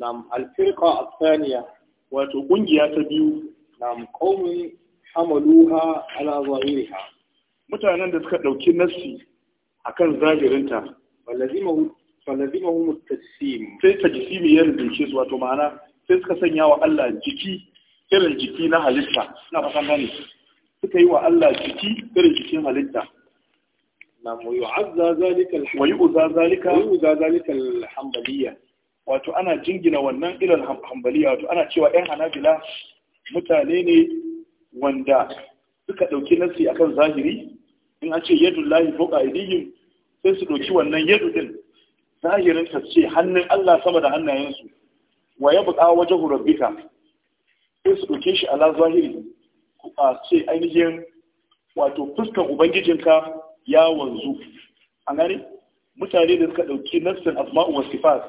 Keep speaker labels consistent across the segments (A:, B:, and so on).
A: nam alfirqa athaniya wato kungiya ta biyu nam qaumun hamaluha mutanen da suka dauki nassi akan zahirinta walazimahu falazimahu tajsim sai tajsimi ya rubuce su wato ma'ana sai suka sanya wa Allah jiki irin jiki na halitta ina fatan gane suka yi wa Allah jiki irin jikin halitta نعم ويعزى ذلك ويؤذى ذلك ويؤذى ذلك الحنبلية wato ana jingina wannan irin hambaliya wato ana cewa ‘yan hanabila mutane ne wanda suka ɗauki nasi akan zahiri in an ce yadu lahi foka idihim sai su ɗauki wannan yadu din zahirin ta ce hannun Allah sama da hannayensu wa ya buƙa wajen hurabbika sai su ɗauke shi ala zahiri a ce ainihin wato fuskan ubangijinka ya wanzu A gani mutane da suka ɗauki nassin asma'u wa sifat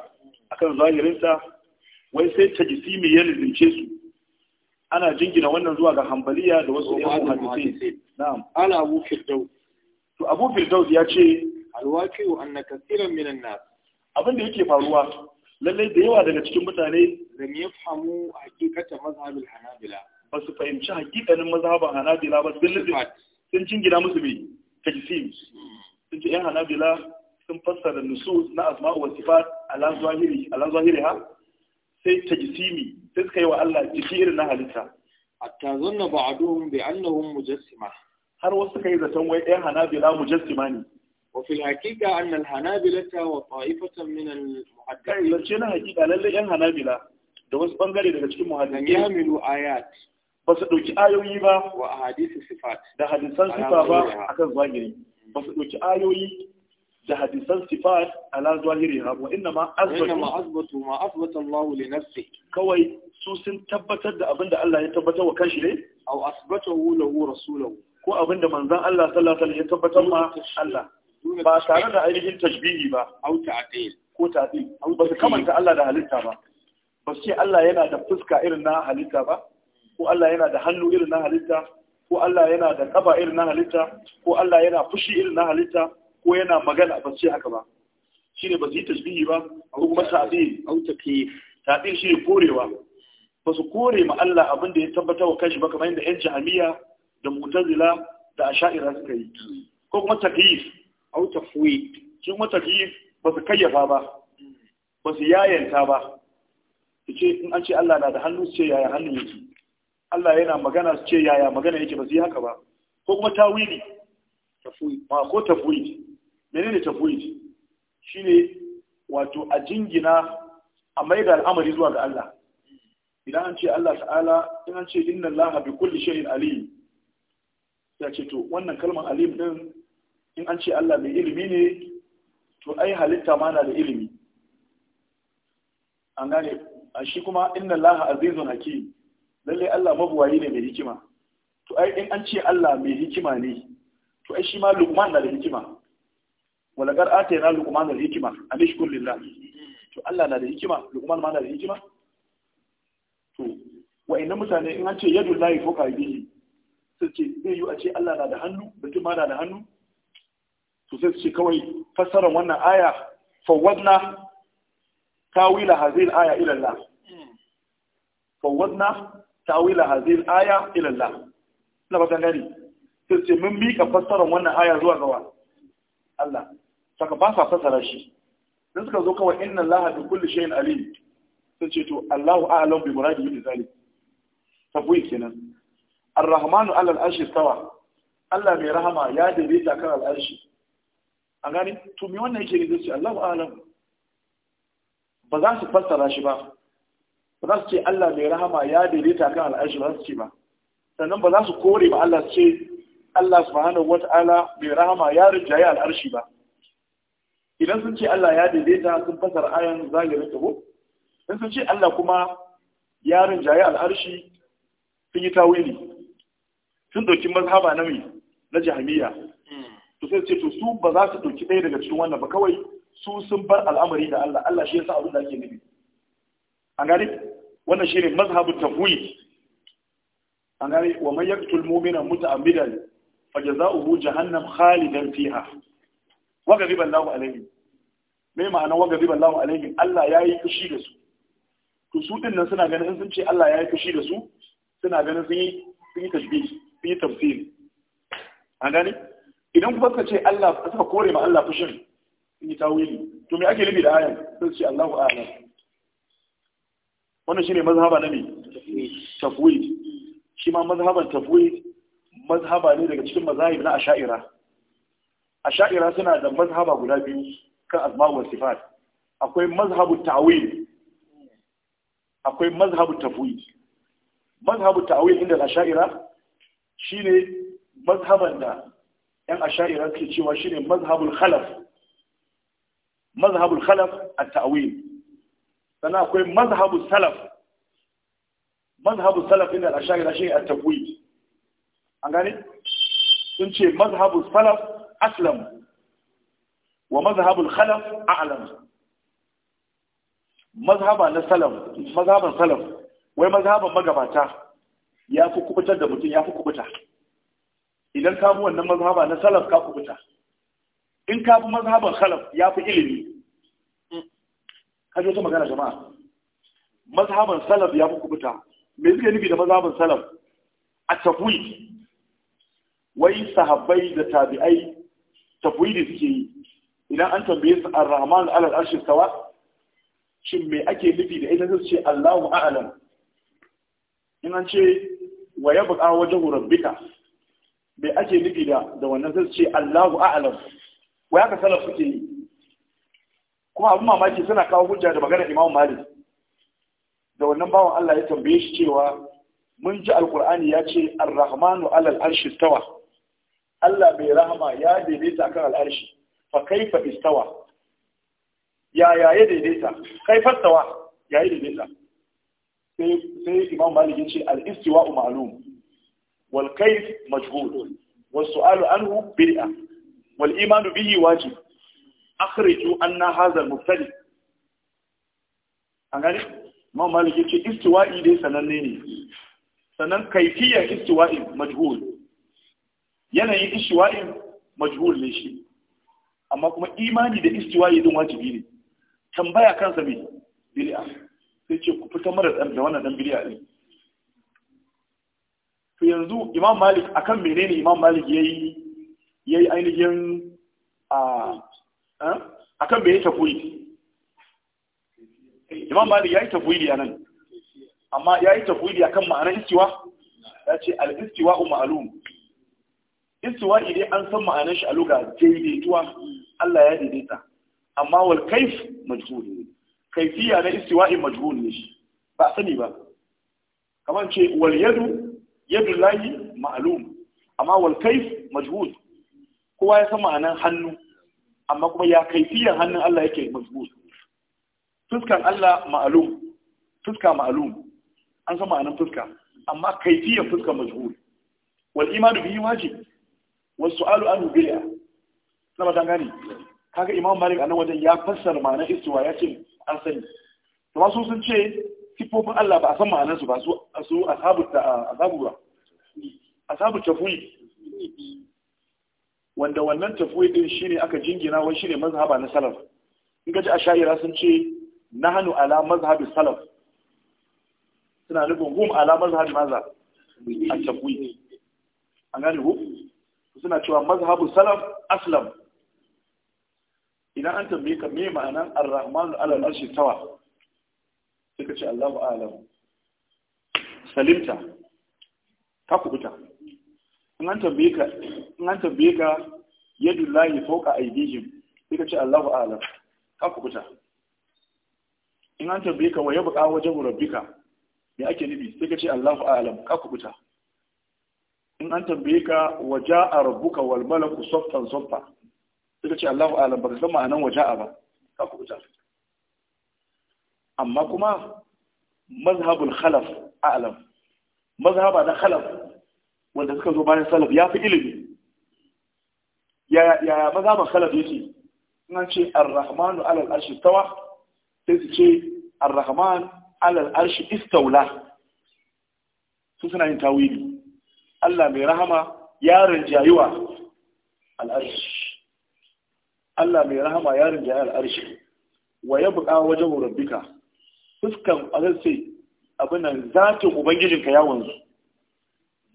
A: kan zahirinsa wai sai ta mai ya lizince su ana jingina wannan zuwa ga hambaliya da wasu yawon hadisai na'am ala abu firdaus to abu firdaus ya ce alwaki wa anna kaseeran minan nas abin da yake faruwa lallai da yawa daga cikin mutane lam yafhamu haqiqata mazhabil hanabila ba su fahimci haƙiƙanin hana hanabila ba sun sun jingina musu bai tajsim sun ce yan hanabila sun fassara nusus na asma'u wa sifat ala zahiri ala zahiriha sai tajsimi sai suka yi wa Allah jiki irin na halitta hatta zanna ba'duhum bi annahum mujassima har wasu kai zaton wai yan hanabila mujassima ne وفي الحقيقة أن الحنابلة وطائفة من المحدثين. كان يرشينا حقيقة للي أن حنابلة. ده بس بنقري محدثين. يعملوا آيات. ba su ɗauki ayoyi ba wa hadisi sifat da hadisan sifa ba kan zahiri ba su ɗauki ayoyi da hadisan sifat a ala zahiri ha wa inna ma azbatu ma azbata Allah li nafsi kawai su sun tabbatar da abinda Allah ya tabbatar wa kanshi ne aw asbatahu lahu rasuluhu ko abinda manzon Allah sallallahu alaihi wasallam ya tabbatar ma Allah ba tare da ainihin tashbihi ba aw ta'til ko ta'til ba su kamanta Allah da halitta ba ba su ce Allah yana da fuska irin na halitta ba ko Allah yana da hannu irin na halitta ko Allah yana da kafa irin na halitta ko Allah yana fushi irin na halitta ko yana magana ba ce haka ba shine ba su yi tasbihi ba ko kuma ta'dil au takyif ta'dil shine korewa ba su kore ma Allah abin da ya tabbata wa kanshi ba kamar yadda yan jahamiya da mu'tazila da asha'ira suka yi ko kuma takyif au tafwid shi kuma takyif ba su kayyafa ba ba su yayanta ba su ce in an ce Allah na da hannu ce yaya hannu yake Allah yana magana su ce yaya magana yake ba su yi haka ba ko kuma tawili ma ko tafwid menene tafwid shine wato a jingina a mai da al'amari zuwa ga Allah idan an ce Allah ta'ala in an ce inna Allah bi kulli shay'in alim ya ce to wannan kalmar alim din in an ce Allah mai ilimi ne to ai halitta ma na da ilimi an gane shi kuma inna Allah azizun hakim lallai Allah mabuwayi ne mai hikima to ai in an ce Allah mai hikima ne to ai shi ma Luqman na da hikima wala gar atayna Luqman al hikima anishkur lillah to Allah na da hikima Luqman ma na da hikima to wa inna mutane in an ce yadul lahi fuka bihi sai ce zai yi a ce Allah na da hannu mutum ma na da hannu to sai su ce kawai fassara wannan aya fawwadna tawila hazil aya ila Allah hmm. fawwadna tawila hazil aya ila Allah ina gani sai ce mun mika fassarar wannan aya zuwa gawa Allah saka ba fassara shi sai suka zo kawai inna Allah bi kulli shay'in alim sai ce to Allahu a'lam bi muradihi bi zalik tabwi kenan ar-rahmanu 'ala al-arshi stawa Allah mai ya kan gani to me wannan Allahu a'lam ba za su fassara shi ba ba za su ce Allah mai rahama ya daidaita kan al'arshi ba za su ce ba sannan ba za su kore ba Allah su ce Allah su subhanahu wata'ala mai rahama ya rinjaye al'arshi ba idan sun ce Allah ya daidaita sun fasar ayan zahirin tabo in sun ce Allah kuma ya rinjaye al'arshi sun yi tawili sun ɗauki mazhaba na mai na jahamiya to sai ce to su ba za su ɗauki ɗaya daga cikin wannan ba kawai su sun bar al'amari da Allah Allah shi ya sa abin da ake nufi A gane wannan shine mazhabut tafwid an gane wa man yaqtul mu'mina muta'ammidan fajaza'uhu jahannam khalidan fiha wa ghadiba Allahu alayhi me ma'ana wa ghadiba Allahu alayhi Allah yayi fushi da su to su din nan suna ganin sun ce Allah yayi fushi da su suna ganin sun yi sun yi tashbih sun yi tafsir an gane idan kuma ka ce Allah suka kore ma Allah fushin in yi tawili to me ake nufi da ayan sun ce Allahu a'lam wannan shi ne mazhaba na ne tafwid shi ma mazhaban tafwid mazhaba ne daga cikin mazahib na asha'ira asha'ira suna da mazhaba guda biyu kan asma sifat akwai mazhabu ta'wil akwai mazhabu tafwid mazhabu ta'wil inda asha'ira shine mazhaban da yan asha'ira ke cewa shine mazhabul khalaf mazhabul khalaf at-ta'wil sana akwai mazhabu salaf mazhabu salaf inda al da shi a tafwid an gane sun ce mazhabu salaf aslam wa mazhabu al-khalaf a'lam mazhaba na salaf mazhaban salaf wai mazhaban magabata ya fi kubutar da mutum ya fi kubuta idan ka bi wannan mazhaba na salaf ka kubuta in ka bi mazhaban khalaf ya fi ilimi kaji wata magana jama'a mazhaban salaf ya fi kubuta me suke nufi da mazhaban salaf a tafwi. wai sahabbai da tabi'ai tafwi tafwidi suke yi idan an tambaye su ar-rahman alal arshi sawa shin me ake nufi da idan zai ce Allahu a'lam in an ce wa yabqa wajhu rabbika me ake nufi da da wannan zai ce Allahu a'lam wai haka salaf suke yi kuma abin mamaki suna kawo hujja da maganar imam malik da wannan bawan Allah ya tambaye shi cewa mun ji alkur'ani ya ce ar-rahmanu alal arshi istawa Allah bai rahama ya daidaita akan al'arshi fa kaifa istawa ya ya ya daidaita kaifa istawa ya ya daidaita sai sai imam malik ya ce al-istiwa ma'lum wal kayf majhul was su'alu anhu bid'a wal imanu bihi wajib akhriju anna hadha mubtadi an gani ma malik ce, istiwa'i dai sananne ne sannan kaifiya istiwa'i majhul yanayin istiwa'i majhul ne shi amma kuma imani da istiwa'i din wajibi ne tambaya kansa me bid'a sai ce ku fita mara da wannan dan bid'a din to yanzu imam malik akan menene imam malik yayi yayi ainihin a Eh? akan bai yi tafwidi imam mali ya yi tafwidi a nan amma ya yi a akan ma'anar istiwa ya ce al-istiwa ma'lum istiwa idan an san ma'anar shi a luga daidaituwa Allah ya daidaita amma wal kaif majhul kaifiya na in majhul ne shi ba sani ba kamar ce wal yadu yadu layi ma'lum amma wal kaif majhul kowa ya san ma'anar hannu amma kuma ya kaifiyan hannun Allah yake mazmur fuskan Allah ma'alum fuska ma'alum an san ma'anan fuska amma kaifiyan fuska mazmur wal iman bihi wajib was su'alu anhu bi'a na dan gani kaga imam malik anan wajen ya fassara ma'anar istiwa ya ce an sani to wasu sun ce sifofin Allah ba a san ma'anar su ba su ashabu ashabu ba ashabu tafwid wanda wannan tafwi din shine aka jingina wai shine mazhaba na salaf in gaji ji asha'ira sun ce nahnu ala mazhabi salaf suna nufin hum ala mazhabi maza a tafwi an gani hu suna cewa mazhabu salaf aslam idan an tambaye ka me ma'anan ar-rahmanu ala al-arshi tawa sai ka ce Allahu a'lam salimta ka kubuta in an tambaye ka yadda an tambaye a yadullahi fawqa sai ka ce Allahu a'lam ka kuta in an tambaye ka waye buƙa wajhu rabbika me ake nufi sai ka ce Allahu a'lam ka kubuta in an tambaye ka wa ja'a rabbuka wal malaku saffan saffa sai ka ce Allahu a'lam baka a nan waje a ba ka kuta amma kuma mazhabul khalaf a'lam mazhaba na khalaf wanda suka zo bayan salaf ya fi ilimi yaya maza ban salaf yake nan ce ar-rahmanu alal arshi tawa sai su ce ar-rahman alal arshi istaula su suna yin tawili Allah mai rahama ya rinjayuwa al'arshi Allah mai rahama ya rinjayi al'arshi wa ya buƙa wajen rabbika fuskan azarce abinan zatin ubangijinka ya wanzu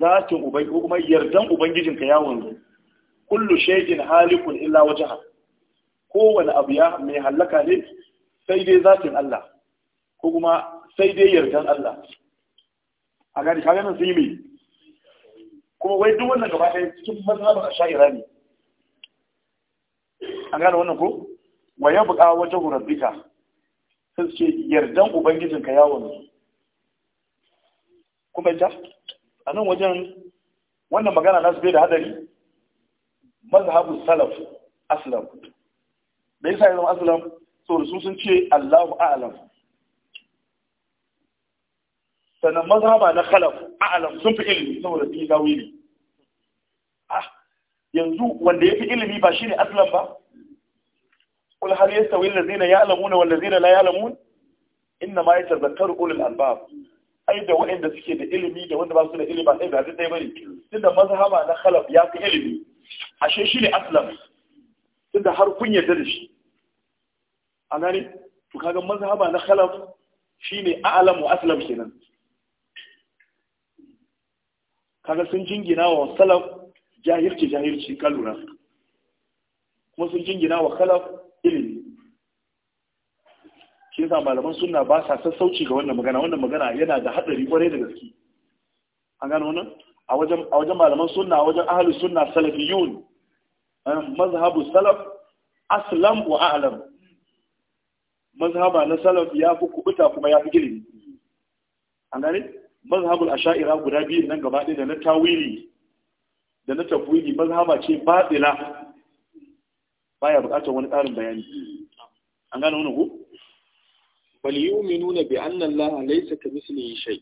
A: zatin ubangiji ko kuma yardan ubangijinka ya wanzu kullu shay'in halikun illa wajha kowane abu ya mai halaka ne sai dai zatin Allah ko kuma sai dai yardan Allah a gani kaga nan sun yi mai kuma wai duk wannan gaba ɗaya cikin mazhabin asha'ira ne an gane wannan ko wa ya buƙa wajen rabbika sai ce yardan ubangijinka ya wanzu kuma ita a nan wajen wannan magana nasu bai da hadari mazhabu salaf aslam da yasa ya zama aslam so su sun ce Allahu a'lam sannan mazhaba na khalaf a'lam sun fi ilimi saboda sun yi tawili ah yanzu wanda yafi ilimi ba shine aslam ba hal yastawi يستوي ya'lamuna wal والذين la ya'lamun inma يتذكر ulul albab ai da waɗanda suke da ilimi da wanda ba su da ilimi ba sai da ɗaya bane tunda mazhaba na khalaf ya fi ilimi ashe shi ne aslam tunda har kun yarda da shi a gane to kaga mazhaba na khalaf shine a'lamu aslam kenan kaga sun jingina wa salaf jahilci jahilci kalura kuma sun jingina wa khalaf ilimi shi yasa malaman sunna ba sa sassauci ga wannan magana wannan magana yana da hadari kwarai da gaske an gano wannan a wajen a wajen malaman sunna a wajen ahli sunna salafiyun eh, mazhabu salaf aslam wa a'lam mazhaba na salaf ya fi kubuta kuma ya fi gilimi an gane mazhabul asha'ira guda biyu nan gaba ɗaya da na tawili da na tafwili mazhaba ce batila baya buƙatar wani ƙarin bayani an gane wannan ko falyuminuna bi anna Allah laysa kamithlihi shay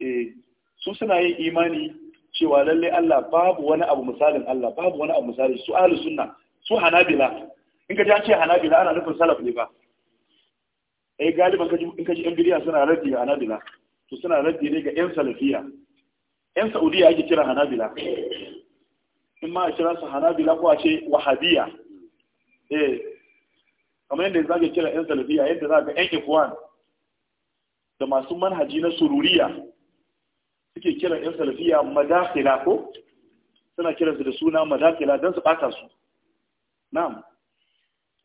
A: eh, su suna yin imani cewa lalle Allah babu wani abu misalin Allah babu wani abu misalin su ahlus sunna su hanabila in ka ji an ce hanabila ana nufin salaf ne ba eh galiban kaji in ji yan bidiya suna raddi ga hanabila to suna raddi ne ga yan salafiya yan saudiya ake kira hanabila in ma a kira su hanabila ko a ce wahabiya eh kamar yadda ka kira yan salafiya yadda za ga yan ikwan da masu manhaji na sururiya suke kira yan salafiya madakila ko suna kiransu da suna madakila don su bata su na'am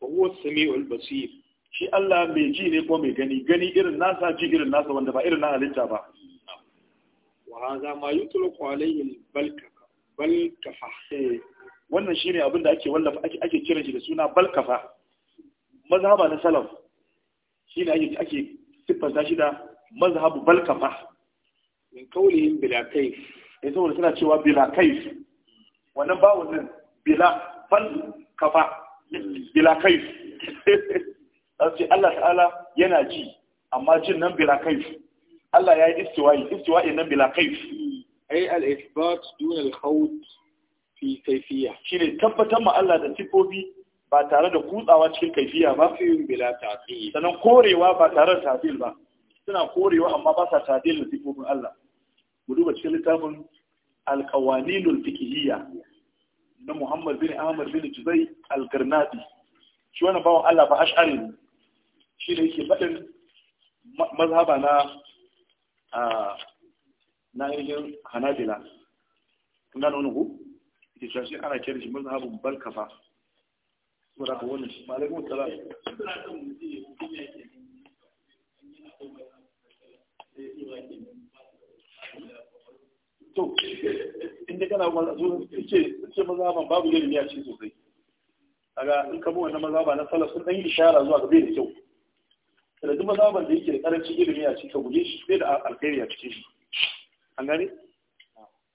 A: wa sami samiul basir shi Allah mai ji ne ko mai gani gani irin nasa ji irin nasa wanda ba irin na halitta ba wa hadha ma yutlaqu alayhi balkafa balkafa eh, wannan shine abin da ake wallafa ake kiran shi da suna balkafa mazhaba na salaf shi ne ake siffanta shi da mazhabu balkafa min kaulihim bila kaif ya eh, saboda suna cewa bila kaif wannan ba wannan bila kafa bila kaif sai Allah ta'ala yana ji amma jin nan bila kaif Allah ya yi istiwa'i istiwa'i nan bila kaif ai al isbat dun al-khawt fi kayfiyya ne tabbatar ma Allah da sifofi ba tare da kutsawa cikin kaifiya ba bila ta'til sanan korewa ba tare da ta'til ba suna korewa amma ba sa ta'til da sifofin Allah mu duba cikin littafin al-qawanilul fiqhiyya na Muhammad bin Ahmad bin Juzai al-Garnadi shi wannan bawon Allah ba ash'ari shi ne yake faɗin mazhaba na na ainihin hanabila kun gano ku? ita shi ana kiran shi mazhabun balkafa ko da wannan shi alaikum salam to inda kana maza zo ce ce maza ban babu ilimi a cikin sosai kaga in ka bi wannan maza ba na salaf sun dan yi ishara zuwa ga bai da kyau da duk maza ban da yake da karancin ilimi a cikin guje shi bai da alkhairi a cikin shi an gane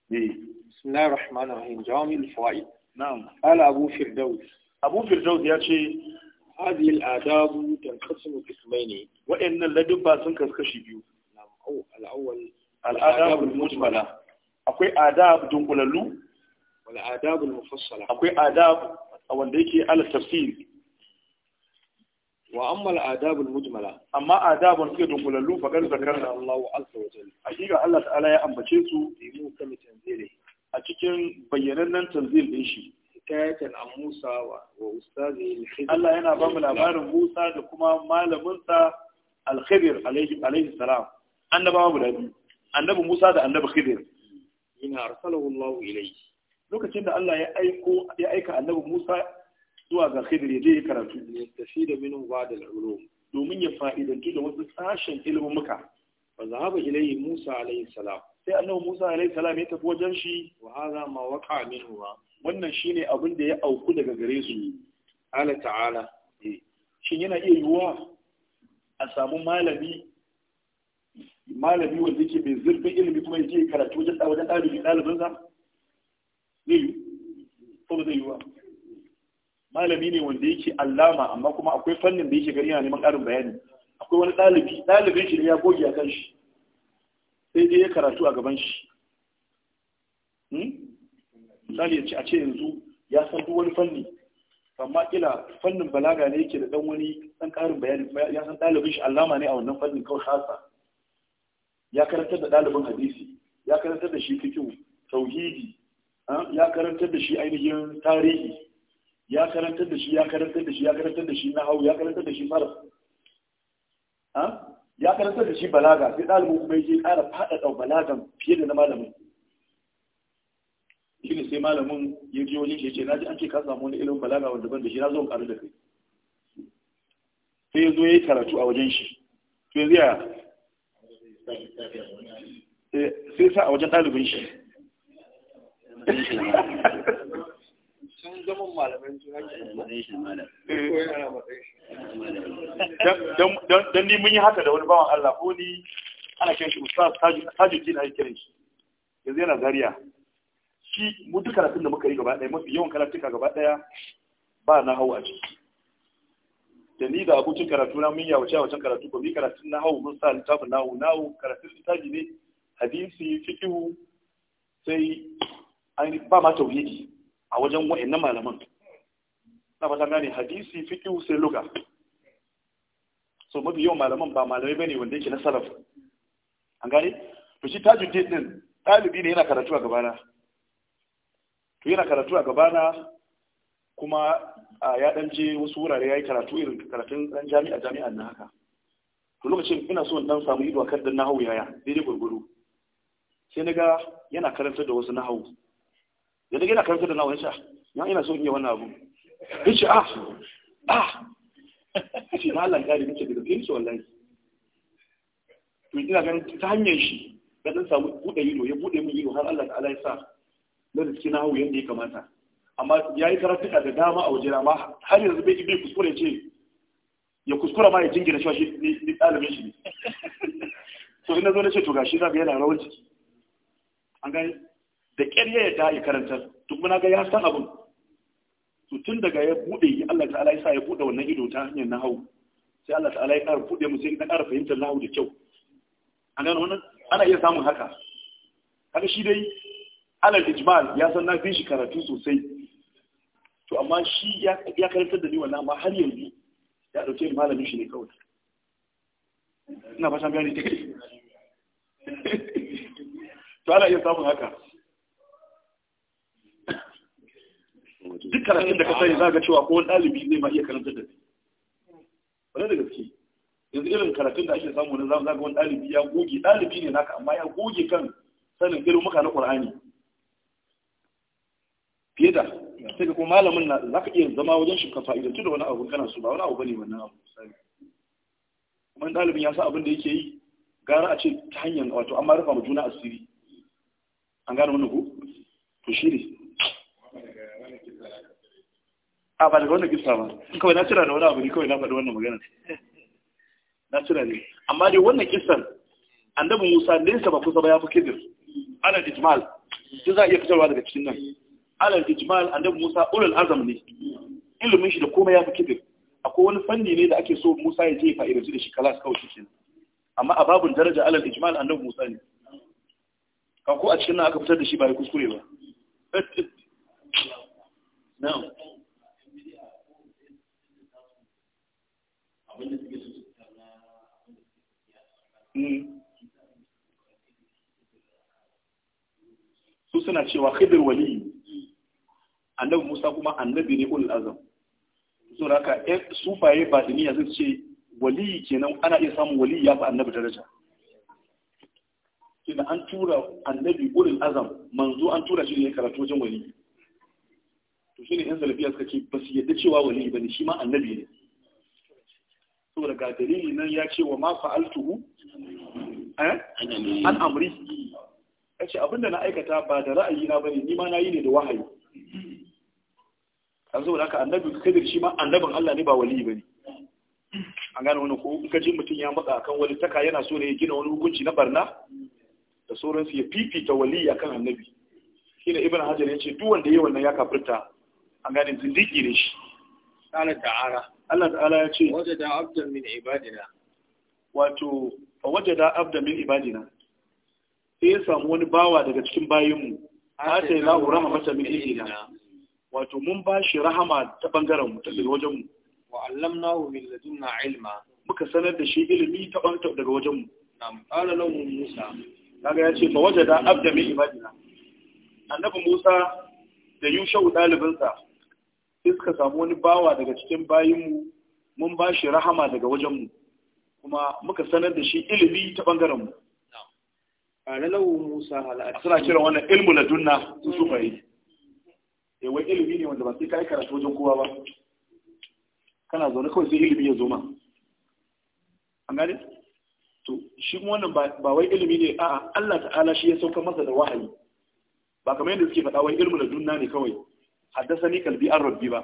A: بسم الله الرحمن الرحيم جامع الفوائد نعم قال أبو فردوس abu firdaus ya ce hadhihi al-adabu tanqasimu qismayn wa'annan ladubba sun kaskashi biyu al-awwal al-adabu al-mujmala akwai adab dunkulallu wal adabu al-mufassala akwai adab wanda yake al-tafsir wa amma al-adabu al-mujmala amma adabun suke dunkulallu fa kan zakarna Allah azza wa jalla hakika Allah ta'ala ya ambace su bi mu kamitan zile a cikin bayyanannen tanzil din shi hikayatan a Musa wa ustazi Allah yana ba mu labarin Musa da kuma malaminsa Al-Khidir alaihi salam annabawa guda biyu annabi Musa da annabi Khidir ina arsalahu Allah ilayhi lokacin da Allah ya aiko ya aika annabi Musa zuwa ga Khidir ya je karatu ya tafi da minhu ba'da al-ulum domin ya fa'idantu da wasu sashen ilimin muka fa zahaba ilayhi Musa alaihi salam sai annabi Musa alaihi salam ya tafi wajen shi wa hadha ma waqa minhu wannan shine abin da ya auku daga gare su ala ta'ala eh, shin yana iya yiwuwa a samu malami malami wanda yake mai zurfin ilimi kuma yake karatu wajen wajen ɗalibi dalibin sa ne yi ko zai yiwuwa malami ne wanda yake allama amma kuma akwai fannin da yake gari yana neman ƙarin bayani akwai wani ɗalibi dalibin shi ne ya goge a kan shi sai dai ya karatu a gaban shi hmm? misali ya a ce yanzu ya san duk wani fanni amma kila fannin balaga ne yake da dan wani dan karin bayani ya san dalibin shi allama ne a wannan fannin kawai hasa ya karantar da dalibin hadisi ya karantar da shi fikihu tauhidi ah, ya karantar da shi ainihin tarihi ya karantar da shi ya karantar da shi ya karantar da shi nahawu ya karantar da shi faras. ya karanta da shi balaga sai ɗalibin kuma yake ƙara faɗaɗa balagan fiye da na malamin shi ne sai malamin ya ji wani ke ce na ji an ce ka samu wani ilimin balaga wanda ban da shi na zo ƙaru da kai sai ya zo ya yi karatu a wajen shi eh, sai zai ya sai sa a wajen ɗalibin shi sun zama dan ni mun yi haka da wani bawan Allah ko ni ana kiran shi ustaz tajuddin ake kiran shi yanzu yana zariya shi mu duk karatun da muka yi gaba ɗaya mafi yawan karatuka gaba ɗaya ba na hau a ciki da ni da abokin karatu na mun yawace wacan karatu ba mu karatun na hau mun sa littafin na hau karatun littafi ne hadisi fiqhu sai an ba ma tauhidi a wajen wa'annan malaman na fata gane hadisi fi ƙi sai luga so mafi yawan malaman ba malamai bane wanda yake na salaf an gane to shi tajuddin din ɗalibi ne yana karatu a gabana to yana karatu a gabana kuma ya ɗan je wasu wurare ya yi karatu irin karatun ɗan jami'a jami'an na haka to lokacin ina so dan samu ido a kan dan nahau yaya daidai gwargwaro sai na ga yana karanta da wasu nahau yadda yana karfi da nawa ya na ina so iya wannan abu ya a ah ah ya ce gari nace da fiye su wallahi to ina ganin ta hanyar shi da zan samu buɗe ido ya buɗe min ido har Allah ala ya sa na riski na hau yadda ya kamata amma ya yi karatuka da dama a wajen amma har yanzu bai bai kuskure ce ya kuskura ma ya jingina shi ne ɗalibin shi ne to ina zo na ce to gashi za yana rawar ciki an gani da ƙyar ya yarda ya karanta duk muna ga ya san abin to tun daga ya buɗe Allah ta'ala ya sa ya buɗe wannan ido ta hanyar nahawu sai Allah ta'ala ya ƙara buɗe mu sai na ƙara fahimtar nahawu da kyau an gano wannan ana iya samun haka haka shi dai alal ijmal ya san na fi shi karatu sosai to amma shi ya karantar da ni wannan amma har yanzu ya ɗauke ni malamin shi ne kawai ina fatan gane to ana iya samun haka duk karatun da ka sani za ka cewa ko wani ɗalibi zai ma iya karanta da shi wani da gaske yanzu irin karatun da ake samu na zamu zaga wani ɗalibi ya goge ɗalibi ne naka amma ya goge kan sanin irin muka na ƙur'ani fiye da sai ka kuma malamin na za ka iya zama wajen shi ka fa'idantu da wani abu kana su ba wani abu ne wannan abu kuma ɗalibin ya sa abin da yake yi gara a ce ta hanyar wato amma rufa ma juna asiri an gane wannan ko to shi ne a ba daga wannan kisa ba kawai na cira da wani abu ne kawai na faɗi wannan magana na cira ne amma dai wannan kisan annabi musa nesa ba kusa ba ya fi kidir alal ijmal duk za a iya fitarwa daga cikin nan alal ijmal annabi musa ulul azam ne ilimin shi da komai ya fi kidir akwai wani fanni ne da ake so musa ya je ya fa'idanci da shi kalas kawai shi kenan amma a babun daraja alal ijmal annabi musa ne kan ko a cikin nan aka fitar da shi ba ya kuskure ba su suna cewa khidir wali annabi Musa kuma annabi ne ul azam su raka eh, sufaye ba diniya zai ce wali kenan ana iya samun wali ya fi annabi daraja kina an tura annabi ul azam manzo an tura shi ne karatu wajen wali to shine yan salafiya suka ce ba su yadda cewa wali ne shi ma annabi ne saboda ga dalili nan ya ce wa ma altuhu eh? an amri ce abinda na aikata ba da ra'ayi na bane ni ma na yi ne da wahayi A saboda haka annabi kadir shi ma annabin Allah ne ba wali ne. an gane wani ko in ka ji mutum ya matsa akan wani taka yana so ne ya gina wani hukunci na barna da sauransu ya fifita wali akan annabi ne ibn hajar ya duk wanda yayi wannan ya kafirta an gane zindiki ne shi qala ta'ala Allah ta'ala ya ce wajada abdan min ibadina wato fa wajada abdan min ibadina sai ya samu wani bawa daga cikin bayinmu atai lahu mata min indina wato mun ba shi rahama ta bangaren mu ta wajen mu wa allamnahu min ladunna ilma muka sanar da shi ilimi ta banta daga wajen mu nam qala lahu musa kaga ya ce fa wajada abda min ibadina annabi musa da yushau dalibinsa sai suka samu wani bawa daga cikin bayinmu mun ba shi rahama daga wajenmu kuma muka sanar da shi ilimi ta ɓangarenmu suna kiran wannan ilmu na dunna su su bayi yawai eh, ilimi ne wanda ba sai ka yi karatu wajen kowa ba kana zaune kawai sai ilimi ya zo ma an gane to shi kuma wannan ba wai ilimi ne a'a Allah ta'ala shi ya sauka masa da wahayi ba kamar yadda suke faɗa wai ilmu na dunna ne kawai haddasani kalbi an rabbi ba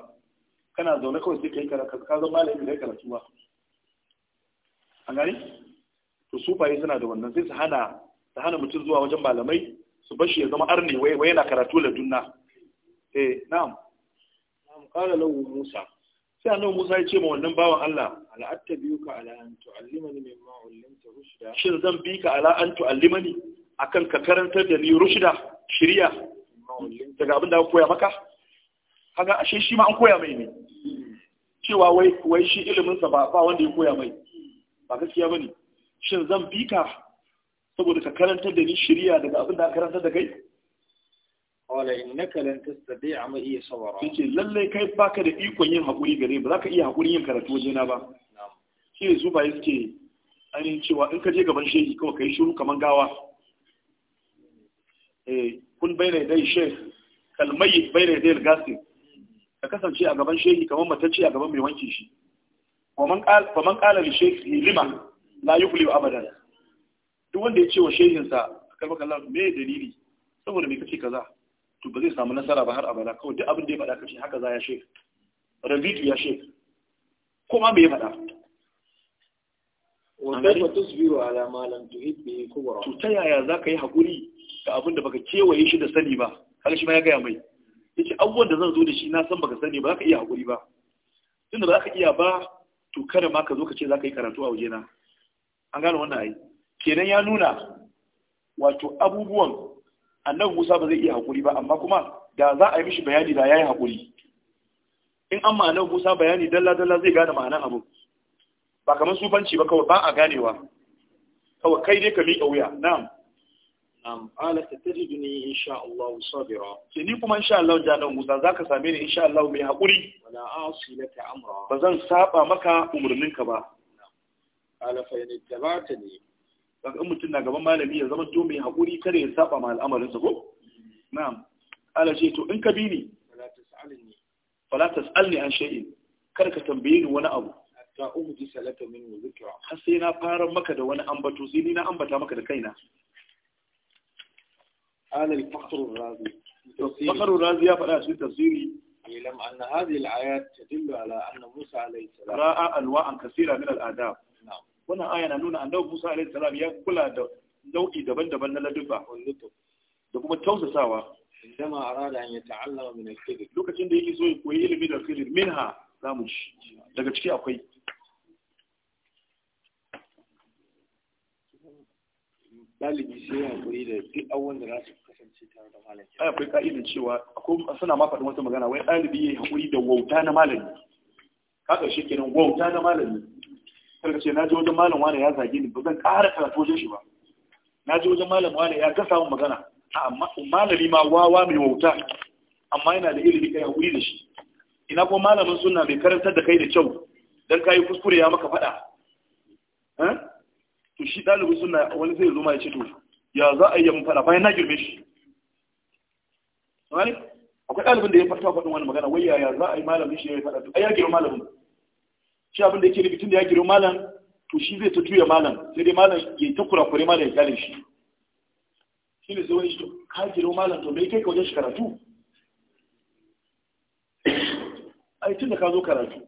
A: kana zaune kawai sai kai karatu ka zama malami kai karatu ba an gani to sufaye suna da wannan sai su hana su hana mutum zuwa wajen malamai su bashi ya zama arni wai wai yana karatu dunna. eh na'am na'am qala lahu musa sai annabi musa ya ce ma wannan bawan Allah ala attabiuka ala an tu'allimani mimma ullimta rushda shin zan bi ka ala an tu'allimani akan ka karantar da ni rushda shiriya daga abin da aka koya maka kaga ashe shi ma an koya mai ne cewa wai wai shi ilimin sa ba ba wanda ya koya mai ba gaskiya bane shin zan bi ka saboda ka karanta da ni shiriya daga abin da aka karanta da kai wala innaka lan tastati'a ma iya sabara yace lalle kai baka da ikon yin hakuri gare ba zaka iya hakurin yin karatu waje na ba shi su ba yake ainihin cewa in ka je gaban shehi kawai kai shiru kaman gawa eh kun bayyana dai shekh kalmai bayyana dai gasir ka kasance a gaban shehi kamar matacce a gaban mai wanke shi fa man kala li shehi lima la wa abadan duk wanda ya ce wa shehin sa karba kallon me dalili saboda me kace kaza to ba zai samu nasara ba har abada kawai duk abin da ya faɗa kace haka za ya shek rabitu ya shek kuma me ya faɗa wa kaifa tasbiru ala ma lam tuhit bihi kubra to ta yaya zaka yi hakuri ga abin da baka kewaye shi da sani ba har shi ma ya gaya mai yake abubuwan da zan zo da shi na san baka sani ba za ka iya hakuri ba tunda ba za ka iya ba to kada ma ka zo ka ce za ka yi karatu a waje na. an gane wannan ai kenan ya nuna wato abubuwan annabi Musa ba zai iya hakuri ba amma kuma da za a yi mishi bayani da yayi hakuri in an ma annabi Musa bayani dalla dalla zai gane ma'anar abu ba kamar sufanci ba kawai ba a ganewa kawai kai dai ka miƙa wuya na'am Na'am, ta qala satajiduni insha Allah sabira. Sai ni kuma insha Allah da dan Musa zaka same ni insha Allah mai hakuri. Wala asi laka amra. Ba zan saba maka umurninka ba. Qala fa in tabatani. Kaga in mutum na gaban malami ya zama to mai hakuri kare ya saba ma al'amarin al'amarinsa ko? Na'am. ala ce to in ka bi ni. Wala tas'alni. Wala tas'alni an shay'in. Kar ka tambaye ni wani abu. Hatta umdi salata min zikra. Har sai na fara maka da wani ambato sai ni na ambata maka da kaina. قال الفخر الرازي الفخر الرازي فلا شيء تفسيري يعلم أن هذه الآيات تدل على أن موسى عليه السلام رأى أنواعا كثيرة من الآداب نعم wannan aya na nuna annabi Musa alaihi salam ya kula da nau'i daban-daban na ladubba da kuma tausasawa indama arada an yata'allama min lokacin da yake so ya koyi ilimi da kibr minha zamu daga ciki akwai dalibi sai ya hakuri da duk awon da za su kasance tare da malami ai akwai ka'idar cewa akwai suna ma faɗin wata magana wai dalibi ya hakuri da wauta na malami ka ƙarshe kenan wauta na malami karka ce na ji wajen malam wani ya zage ni ba zan ƙara karatu wajen shi ba na ji wajen malam wani ya gasa min magana amma malami ma wawa mai wauta amma yana da ilimi kai hakuri da shi ina ko malamin suna mai karantar da kai da kyau dan yi kuskure ya maka faɗa eh? to shi ɗalibin suna wani zai zo ma ya ce to ya za a yi mun faɗa bayan na girme shi wani akwai ɗalibin da ya fata faɗin wani magana wai ya za a yi malamin shi ya yi faɗa to ai ya girma malamin shi abin da yake rubutun da ya girma malam to shi zai ta juya malam sai dai malam ya ta kurakure malam ya kyale shi shi ne sai wani shi ka girma malam to me kai ka wajen shi karatu ai tun da ka zo karatu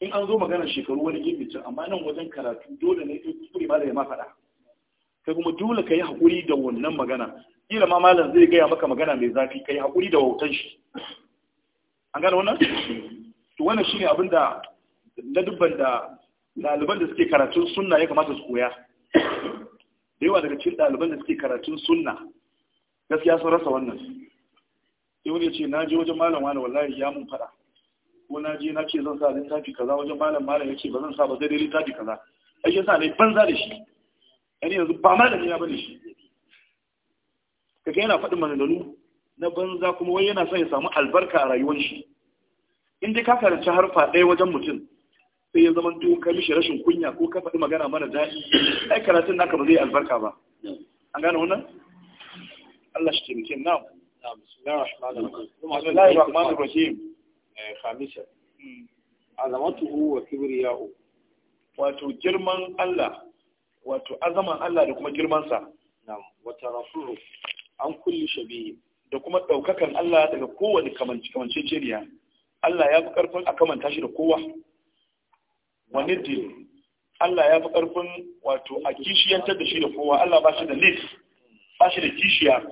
A: in an zo magana shekaru wani gefe can amma nan wajen karatu dole ne in kuskure da ya ma faɗa kai kuma dole ka yi haƙuri da wannan magana kila ma malam zai gaya maka magana mai zafi ka yi haƙuri da wautan shi an gane wannan to wannan ne abin da na dubban da ɗaliban da suke karatun sunna ya kamata su koya da yawa daga cikin ɗaliban da suke karatun sunna gaskiya sun rasa wannan sai wani ya ce na je wajen malam wani wallahi ya mun faɗa ko na je na ce zan sa littafi kaza wajen malam malam ya ce ba zan sa ba zai dai littafi kaza ai yasa ne banza da shi yani yanzu ba malami ya bane shi kaga yana faɗin maganganu na banza kuma wai yana son ya samu albarka a rayuwar shi in dai ka karanci harfa ɗaya wajen mutum sai ya zama tun kai mishi rashin kunya ko ka faɗi magana mara daɗi ai karatun naka ba zai albarka ba an gane wannan Allah shi taimake na'am na'am bismillahir Eh, khamishan hmm. azamatuhu wa wato girman Allah wato azaman Allah da kuma girman sa na'am an kulli shabihi da kuma daukakan Allah daga kowane kamanceceniya Allah ya fi karfin a kamanta shi da kowa wani dil Allah ya fi karfin wato a kishiyantar da shi da kowa Allah ba shi da lis ba shi da kishiya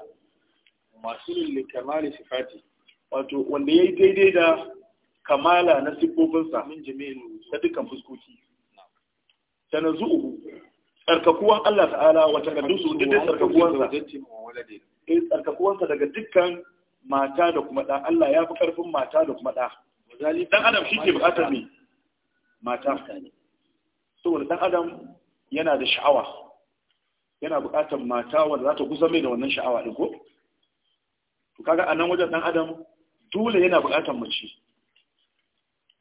A: masu likamali sifati wato wanda ya yi daidai da kamala na siffofinsa min jami'in ta dukkan fuskoki tanazzuhu tsarkakuwan Allah ta'ala wa takaddusu da dai tsarkakuwansa eh tsarkakuwansa daga dukkan mata da kuma ɗa Allah ya fi ƙarfin mata da kuma ɗa dan adam shi ke buƙatar me mata saboda dan adam yana da sha'awa yana buƙatar mata wanda za ta kusa mai da wannan sha'awa ɗin ko to kaga a nan wajen dan adam dole yana buƙatar mace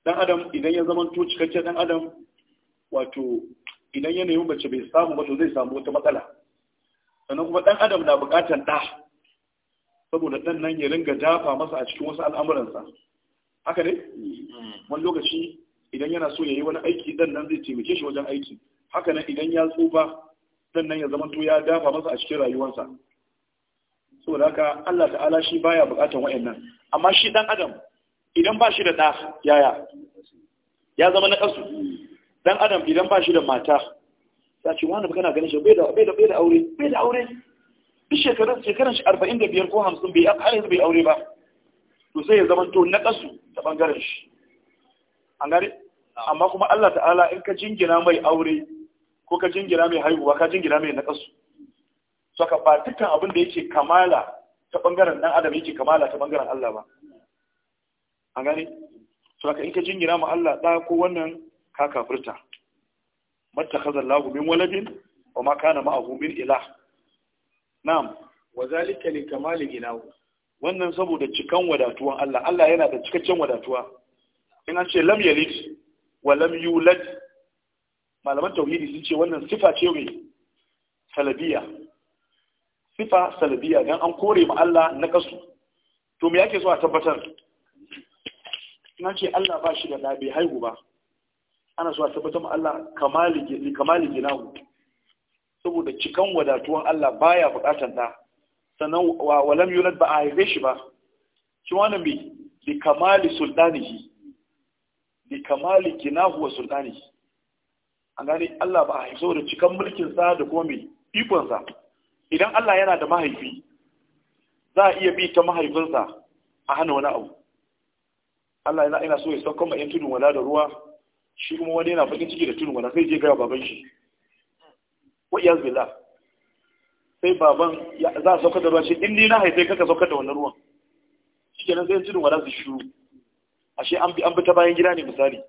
A: dan adam idan ya zama to cikakken dan adam wato idan yanayin mace bai samu ba to zai samu wata matsala sannan kuma dan adam na bukatar da saboda dan nan ya ringa dafa masa a cikin wasu al'amuransa haka ne mm-hmm. wani lokaci idan yana so ya yi wani aiki dan nan zai taimake shi wajen aiki haka nan idan ya tsufa dan nan ya zama to ya dafa masa a cikin rayuwarsa saboda haka Allah ta'ala shi baya bukatar wa'annan amma shi dan adam idan ba shi da ɗa yaya ya zama na ƙasu dan adam idan ba shi da mata ya ce wani kana ganin shi bai da da aure bai da aure duk shekarun shekarun shi biyar ko hamsin bai har yanzu bai aure ba to sai ya zama to na ƙasu ta ɓangaren shi an gane amma kuma Allah ta'ala in ka jingina mai aure ko ka jingina mai haihuwa ka jingina mai na ƙasu saka ba dukkan abin da yake kamala ta ɓangaren dan adam yake kamala ta ɓangaren Allah ba a gane su in ka jingina ma Allah ɗa ko wannan ka kafirta matta kazan lagu min waladin wa ma kana ma'ahu min ilah na'am wa zalika li kamali ginahu wannan saboda cikan wadatuwan Allah Allah yana da cikakken wadatuwa in an ce lam yalid wa lam yulad malaman tauhidi sun ce wannan sifa ce mai salabiya sifa salabiya dan an kore ma Allah na kasu to me yake so a tabbatar na ce Allah ba shi da ɗa bai haihu ba ana so a tabbatar ma Allah kamali ginahu saboda cikan wadatuwan Allah baya buƙatar ta. sannan wa walam yulad ba a haife shi ba shi wannan bi bi kamali sultanihi bi kamali ginahu wa sultanihi an gane Allah ba a haife saboda cikan mulkin sa da kuma mai ikon sa idan Allah yana da mahaifi za a iya bi ta mahaifinsa a hana wani abu Allah yana ina so ya sauka ma yan tudun wala da ruwa shi kuma wani yana fakin ciki da tudun wala sai je ga baban shi wa iyaz billah sai baban za a sauka da ruwa shi in ni na haife kaka sauka da wannan ruwan shikenan sai tudun wala su shiru shi an bi an bi ta bayan gida ne misali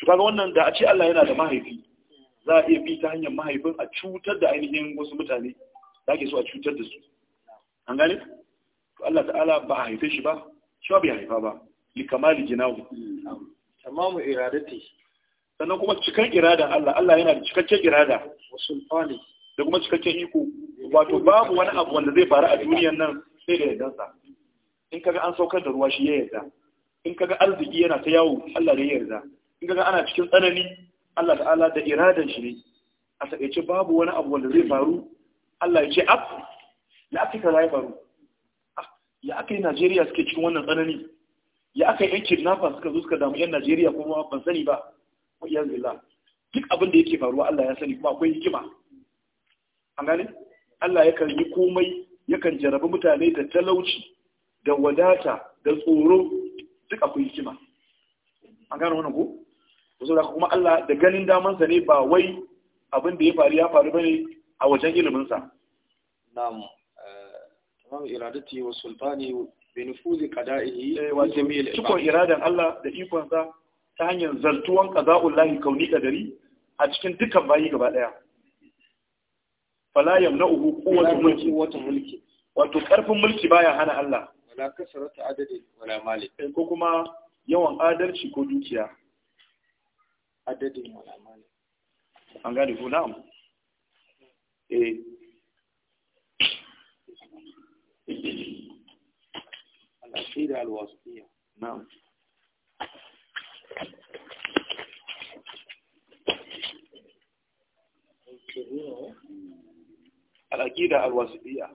A: to kaga wannan da a ce Allah yana da mahaifi za a iya bi ta hanyar mahaifin a cutar da ainihin wasu mutane da ake so a cutar da su an gane to Allah ta'ala ba a haife shi ba shi ba bai haifa ba likamali jinawi tamamu iradati sannan kuma cikan irada Allah Allah yana da cikakken irada wa da kuma cikakken iko wato babu wani abu wanda zai faru a duniyar nan sai da yardansa in kaga an saukar da ruwa shi ya yarda in kaga arziki yana ta yawo Allah ne ya yarda in kaga ana cikin tsanani Allah ta'ala da iradan shi ne a sakaice babu wani abu wanda zai faru Allah ya ce af ya aka kaza ya faru ah, ya aka yi Najeriya suke cikin wannan tsanani ya aka yan kidnapper suka zo suka damu yan Najeriya kuma ban sani ba wa iyyaz duk abin da yake faruwa Allah ya sani kuma akwai hikima an gane Allah kan yi komai ya kan jarabi mutane da talauci da wadata da tsoro duk akwai hikima an gano wani ko wasu da kuma Allah da ganin damansa ne ba wai abin da ya faru ya faru bane a wajen iliminsa na'am tamam eh, iradati wa sultani bi nufuzi eh, wa jami'il cikon iradan Allah da ikon sa ta hanyar zartuwan lahi kauni kadari a cikin dukkan bayi gaba daya fala yamna'uhu quwwatu mulki mulki wato karfin mulki baya hana Allah wala kasratu adadi wala mali eh, ko kuma yawan adalci ko dukiya adadi wala mali an gadi ko na'am eh العقيدة الواسطية نعم العقيدة الواسطية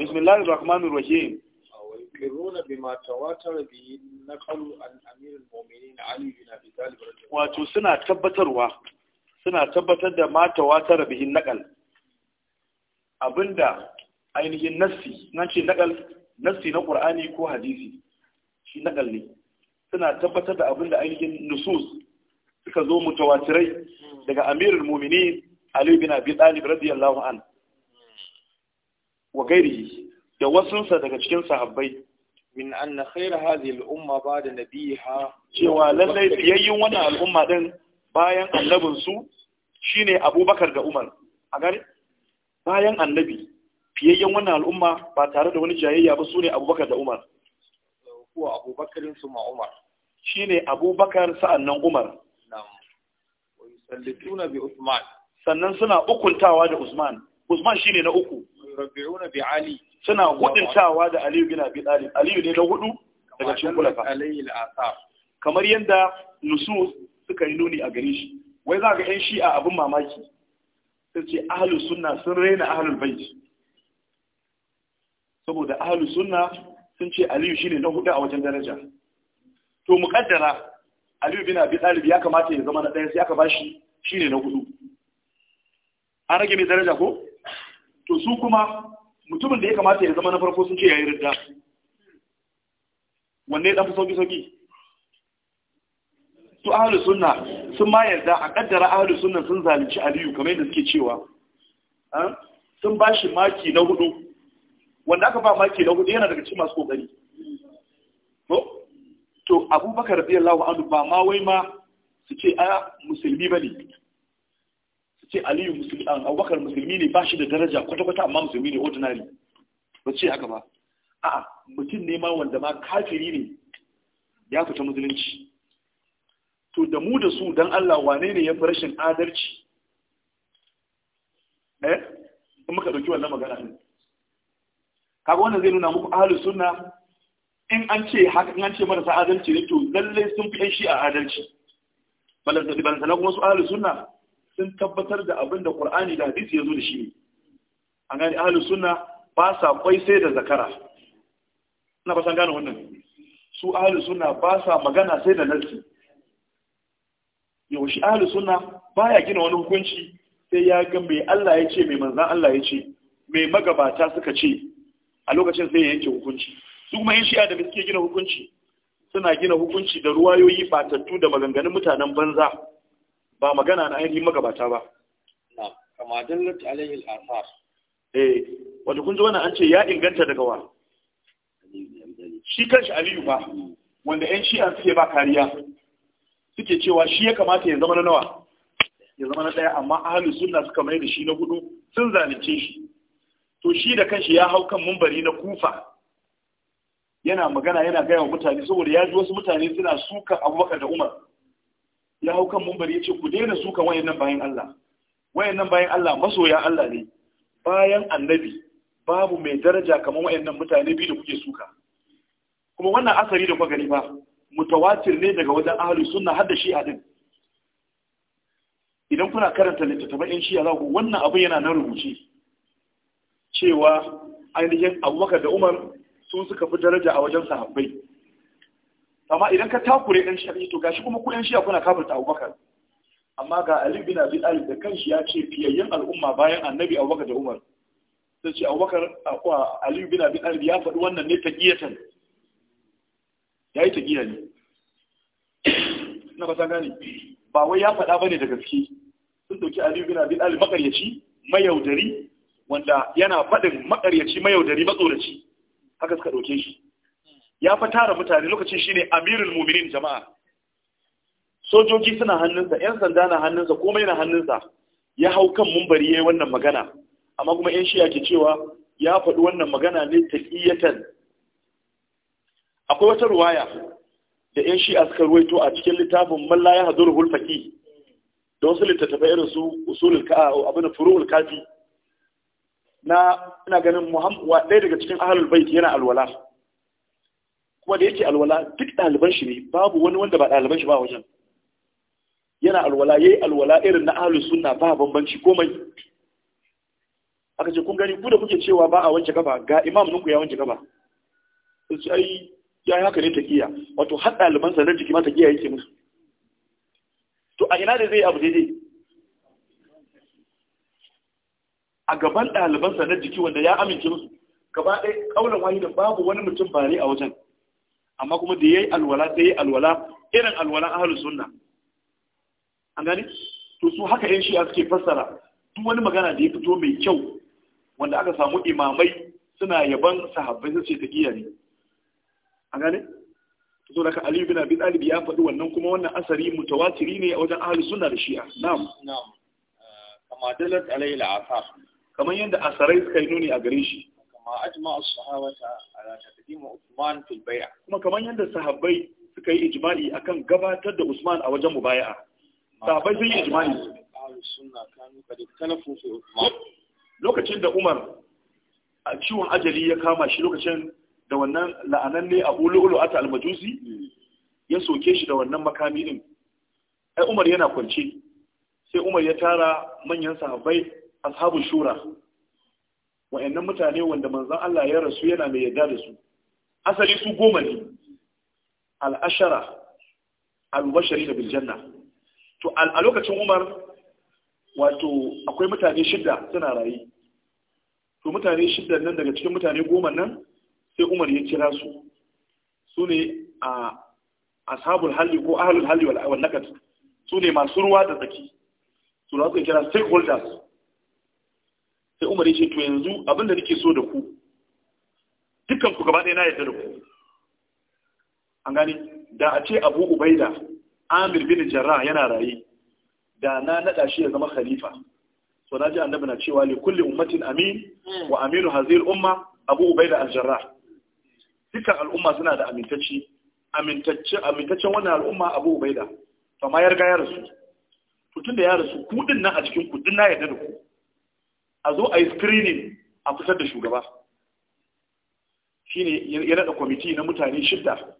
A: بسم الله الرحمن الرحيم ويقرون بما تواتر به نقل عن أمير المؤمنين علي بن أبي طالب رضي الله عنه وسنا تبتروا سنا تبتر ما تواتر به النقل abinda ainihin nassi nan ce nakal nassi na ƙur'ani ko hadisi shi na kalle suna tabbatar da abin da ainihin nusus suka zo mutawatirai daga amirul mu'minin ali bin abi talib radiyallahu an wa gairihi da wasunsa daga cikin sahabbai min anna khayra hadhihi al-umma ba'da nabiha cewa lallai biyayyun wannan al'umma din bayan annabinsu su shine Abubakar da Umar a bayan annabi fiyayyen wannan al'umma ba tare da wani jayayya ba sune abubakar da umar kuwa abubakarin su ma umar Shi ne abubakar sa'annan umar usman sannan suna ukuntawa da usman usman shine na uku suna hudintawa da aliyu bin abi talib aliyu ne na hudu daga cikin kulafa kamar yadda Nusu suka yi nuni a gare shi wai za ga yan shi'a abin mamaki sai ce ahlus sunna sun raina ahalul bai. saboda ahlu sunna sun ce aliyu shine na hudu a wajen daraja to muqaddara aliyu bin abi talib ya kamata ya zama na ɗaya sai aka bashi shine na hudu an rage mai daraja ko to su kuma mutumin da ya kamata ya zama na farko sun ce yayi ridda wanne dan soki soki su ahlu sunna sun ma yarda a kaddara ahlu sunna sun zalunci aliyu kamar yadda suke cewa sun bashi maki na hudu wanda aka ba maki na hudu yana daga cikin masu kokari to to abubakar radiyallahu anhu ba ma wai ma su ce a musulmi bane su ce aliyu musulmi an abubakar musulmi ne ba shi da daraja kwata kwata amma musulmi ne ordinary ba ce haka ba a'a mutum ne ma wanda ma kafiri ne ya fita musulunci to da mu da su dan Allah wane ne ya fi rashin adalci eh muka dauki wannan magana ne kaga wannan zai nuna muku ahlus sunna in an ce haka in an ce marasa adalci ne to lalle sun fi shi a adalci balan da ban kuma su ahlus sunna sun tabbatar da abin da qur'ani da hadisi yazo da shi ne an gani ahlus sunna ba sa kwai sai da zakara ina ba san gane wannan su ahlus sunna ba sa magana sai da nasi yau shi ahlus sunna baya gina wani hukunci sai ya ga mai Allah ya ce mai manzan Allah ya ce mai magabata suka ce a lokacin sai ya yanke hukunci su kuma yin shi'a da suke gina hukunci suna gina hukunci da ruwayoyi batattu da maganganun mutanen banza ba magana na ainihin magabata ba na kama dallat alaihi al-asar eh wato kun ji wannan an ce ya inganta daga wa shi kanshi aliyu ba wanda yan shi'a suke ba kariya suke cewa shi ya kamata ya zama na nawa ya zama na daya amma ahlus sunna suka mai da shi na hudu sun zalunce shi to shi da kanshi ya hau kan mumbari na kufa yana magana yana gaya wa mutane saboda ya ji wasu mutane suna suka abubakar da umar ya hau kan mumbari ya ce ku daina suka nan bayan allah nan bayan allah masoya allah ne bayan annabi babu mai daraja kamar wayannan mutane biyu da kuke suka kuma wannan asari da kuka gani ba mutawatir ne daga wajen ahali sunna har da shi'a din idan kuna karanta littattafan yan a za ku wannan abin yana nan rubuce cewa ainihin abubakar da umar su suka fi daraja a wajen sahabbai amma idan ka takure ɗan shi to gashi kuma ku ɗan shi kuna kafirta abubakar amma ga Ali bin Abi Talib da kanshi ya ce fiyayyen al'umma bayan annabi Abubakar da Umar sai ce Abubakar kuwa Ali bin Abi Talib ya faɗi wannan ne ta Ya yi ta giya ne na ba ta gane ba wai ya faɗa ba ne da gaske sun ɗauki Ali bin Abi Talib makaryaci mayaudari wanda yana faɗin maƙaryaci mayaudari matsoraci haka suka ɗauke shi ya fa tara mutane lokacin shine amirul mu'minin jama'a sojoji suna hannunsa yan sanda na hannunsa komai na hannunsa ya hau kan mumbari yi wannan magana amma kuma yan shiya ke cewa ya faɗi wannan magana ne taqiyatan akwai wata ruwaya da yan shi'a suka ruwaito a cikin littafin malla ya hadurul da wasu littattafai irin su usulul ka'a abin furu'ul kafi na ina ganin wa ɗaya daga cikin ahalul bait yana alwala kuma da yake alwala duk ɗaliban shi ne babu wani wanda ba ɗaliban shi ba wajen yana alwala yayi alwala irin na ahlus sunna ba bambanci komai aka ce kun gani ku da kuke cewa ba a wanke gaba ga imam ninku ya wanke gaba sai ai ya yi haka ne ta kiya wato har ɗaliban sa na jiki ma ta kiya yake musu to a ina da zai abu daidai a gaban ɗalibansa na jiki wanda ya amince musu gaba ɗaya ƙaunar da babu wani mutum bare a wajen amma kuma da ya yi alwala ta ya yi alwala irin alwalan ahalus sunna an gani to su haka yan shi'a suke fassara duk wani magana da ya fito mai kyau wanda aka samu imamai suna yaban sahabbai su ce ta iya ne an gani to so daga aliyu bin abi talib ya faɗi wannan kuma wannan asari mutawatiri ne a wajen ahalus sunna da shi'a na'am na'am eh, kama dalat alayhi al-asar kamar yadda asarai suka yi nuni a gare shi kama ajma as-sahabata ala taqdim Usman fil bay'a kuma kamar yadda sahabbai suka yi ijma'i akan gabatar da Usman a wajen mubaya'a
B: sahabbai sun yi ijma'i
A: lokacin da Umar a ciwon ajali ya kama shi lokacin da wannan la'ananne a ululu ata al-majusi ya soke shi da wannan makami din ai Umar yana kwance sai Umar ya tara manyan sahabbai ashabu shura wa'annan mutane wanda manzon Allah ya rasu yana mai yarda da su asali su goma ne al-ashara al-bashari da biljanna to a lokacin Umar wato akwai mutane shida suna rayi to mutane shida nan daga cikin mutane goma nan sai Umar ya kira su su ne a ashabul halli ko ahlul halli wal nakat su ne masu ruwa da tsaki su da suka kira stakeholders sai umar ya ce to yanzu abin da nake so da ku dukkan ku gaba ɗaya na yarda da ku an gani da a ce abu ubaida amir bin jarra yana raye da na naɗa shi ya zama khalifa so na ji annabi na cewa li kulli ummatin amin wa aminu hazir umma abu ubaida al-jarra dukkan al'umma suna da amintacci amintaccen wannan al'umma abu ubaida to ma ya ya rasu to tunda ya rasu ku din nan a cikin ku na yarda da ku a zo a yi screening a fitar da shugaba shine ya naɗa kwamiti na mutane shida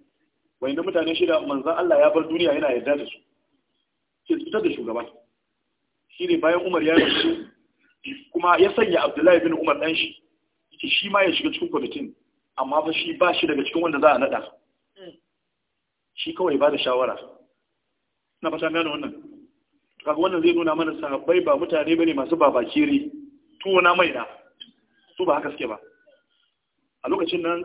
A: wani na mutane shida manzan Allah ya bar duniya yana yarda da su ke fitar da shugaba shine bayan Umar ya rasu kuma ya sanya Abdullahi bin Umar dan shi yake shi ma ya shiga cikin kwamitin amma fa shi ba shi daga cikin wanda za a naɗa mm. shi kawai ba da shawara na fata gane wannan kaga wannan zai nuna mana sahabbai ba mutane bane masu babakere tuwo na mai na su ba haka suke ba a lokacin nan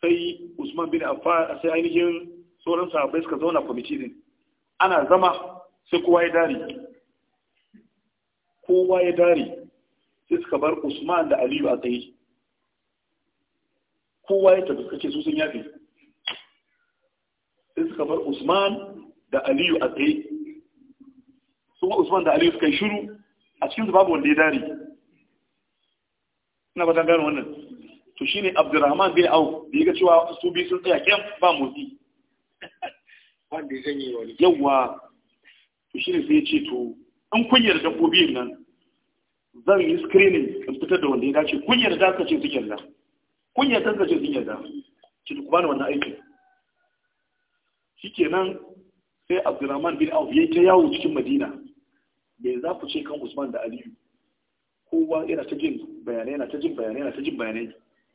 A: sai usman bin affan sai ainihin sauran sahabbai suka zauna kwamiti din ana zama sai kowa ya dare kowa ya dare sai suka bar usman da aliyu a tsaye kowa ya tafi suka ce su sun yafe sai suka bar usman da aliyu a tsaye sun usman da aliyu suka yi shiru a cikin babu wanda ya dare na ba ta gane wannan to shine Abdurrahman bin Auf da yaga cewa su bi sun tsaya kyan ba motsi wanda ya sanye wani yawa to shine sai ya ce to an kunyar dabbobin nan zan yi screening in fitar da wanda ya dace kunyar da ka ce su kyalla kunyar da ka ce su kyalla ki duk bani wannan aikin shikenan sai Abdurrahman bin Auf yayi ta yawo cikin Madina me za ku ce kan Usman da Aliyu kowa yana ta jin bayanai yana ta jin bayanai yana ta jin bayanai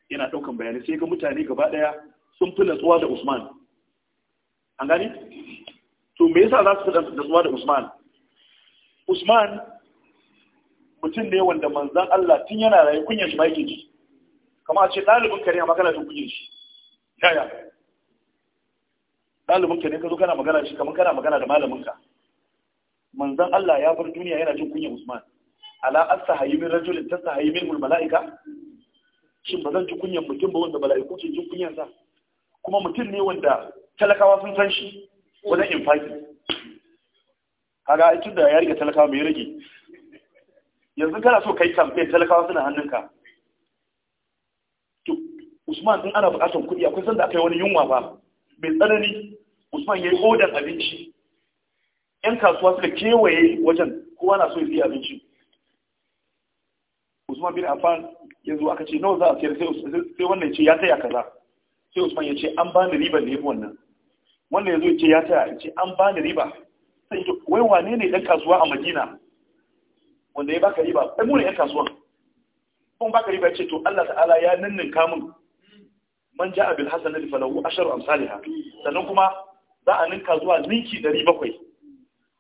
A: yana ɗaukan bayanai sai ga mutane gaba ɗaya sun fi natsuwa da Usman an gani to me yasa za su fi natsuwa da Usman Usman mutum ne wanda manzan Allah tun yana rayu kunyar shi ma yake ji kamar a ce ɗalibin kare a magana tun kunyar shi yaya ɗalibin kare ka zo kana magana shi kamar kana magana da malaminka manzan Allah ya bar duniya yana jin kunyar Usman ala astahayi min rajulin tastahayi min mala'ika shin ba zan ji kunyan mutum ba wanda mala'iku ke ji kunyan sa kuma mutum ne wanda talakawa sun san shi wajen infaki kaga ai tunda ya rike talakawa mai rage yanzu kana so kai campaign talakawa suna hannunka to Usman din ana buƙatar kuɗi akwai sanda aka yi wani yunwa ba mai tsanani Usman yayi odan abinci 'yan kasuwa suka kewaye wajen kowa na so ya yi abinci Usman bin Affan yanzu aka ce nawa za a sayar sai wannan ya ce ya taya kaza sai Usman ya ce an ba ni riba ne wannan wannan ya ya ce ya taya ya ce an ba ni riba sai ya wai wane ne dan kasuwa a Madina wanda ya baka riba sai mu ne yan kasuwa kun baka riba ya ce to Allah ta'ala ya ninninka min man ja'a bil hasanati falahu asharu amsalha sannan kuma za a ninka zuwa ninki 700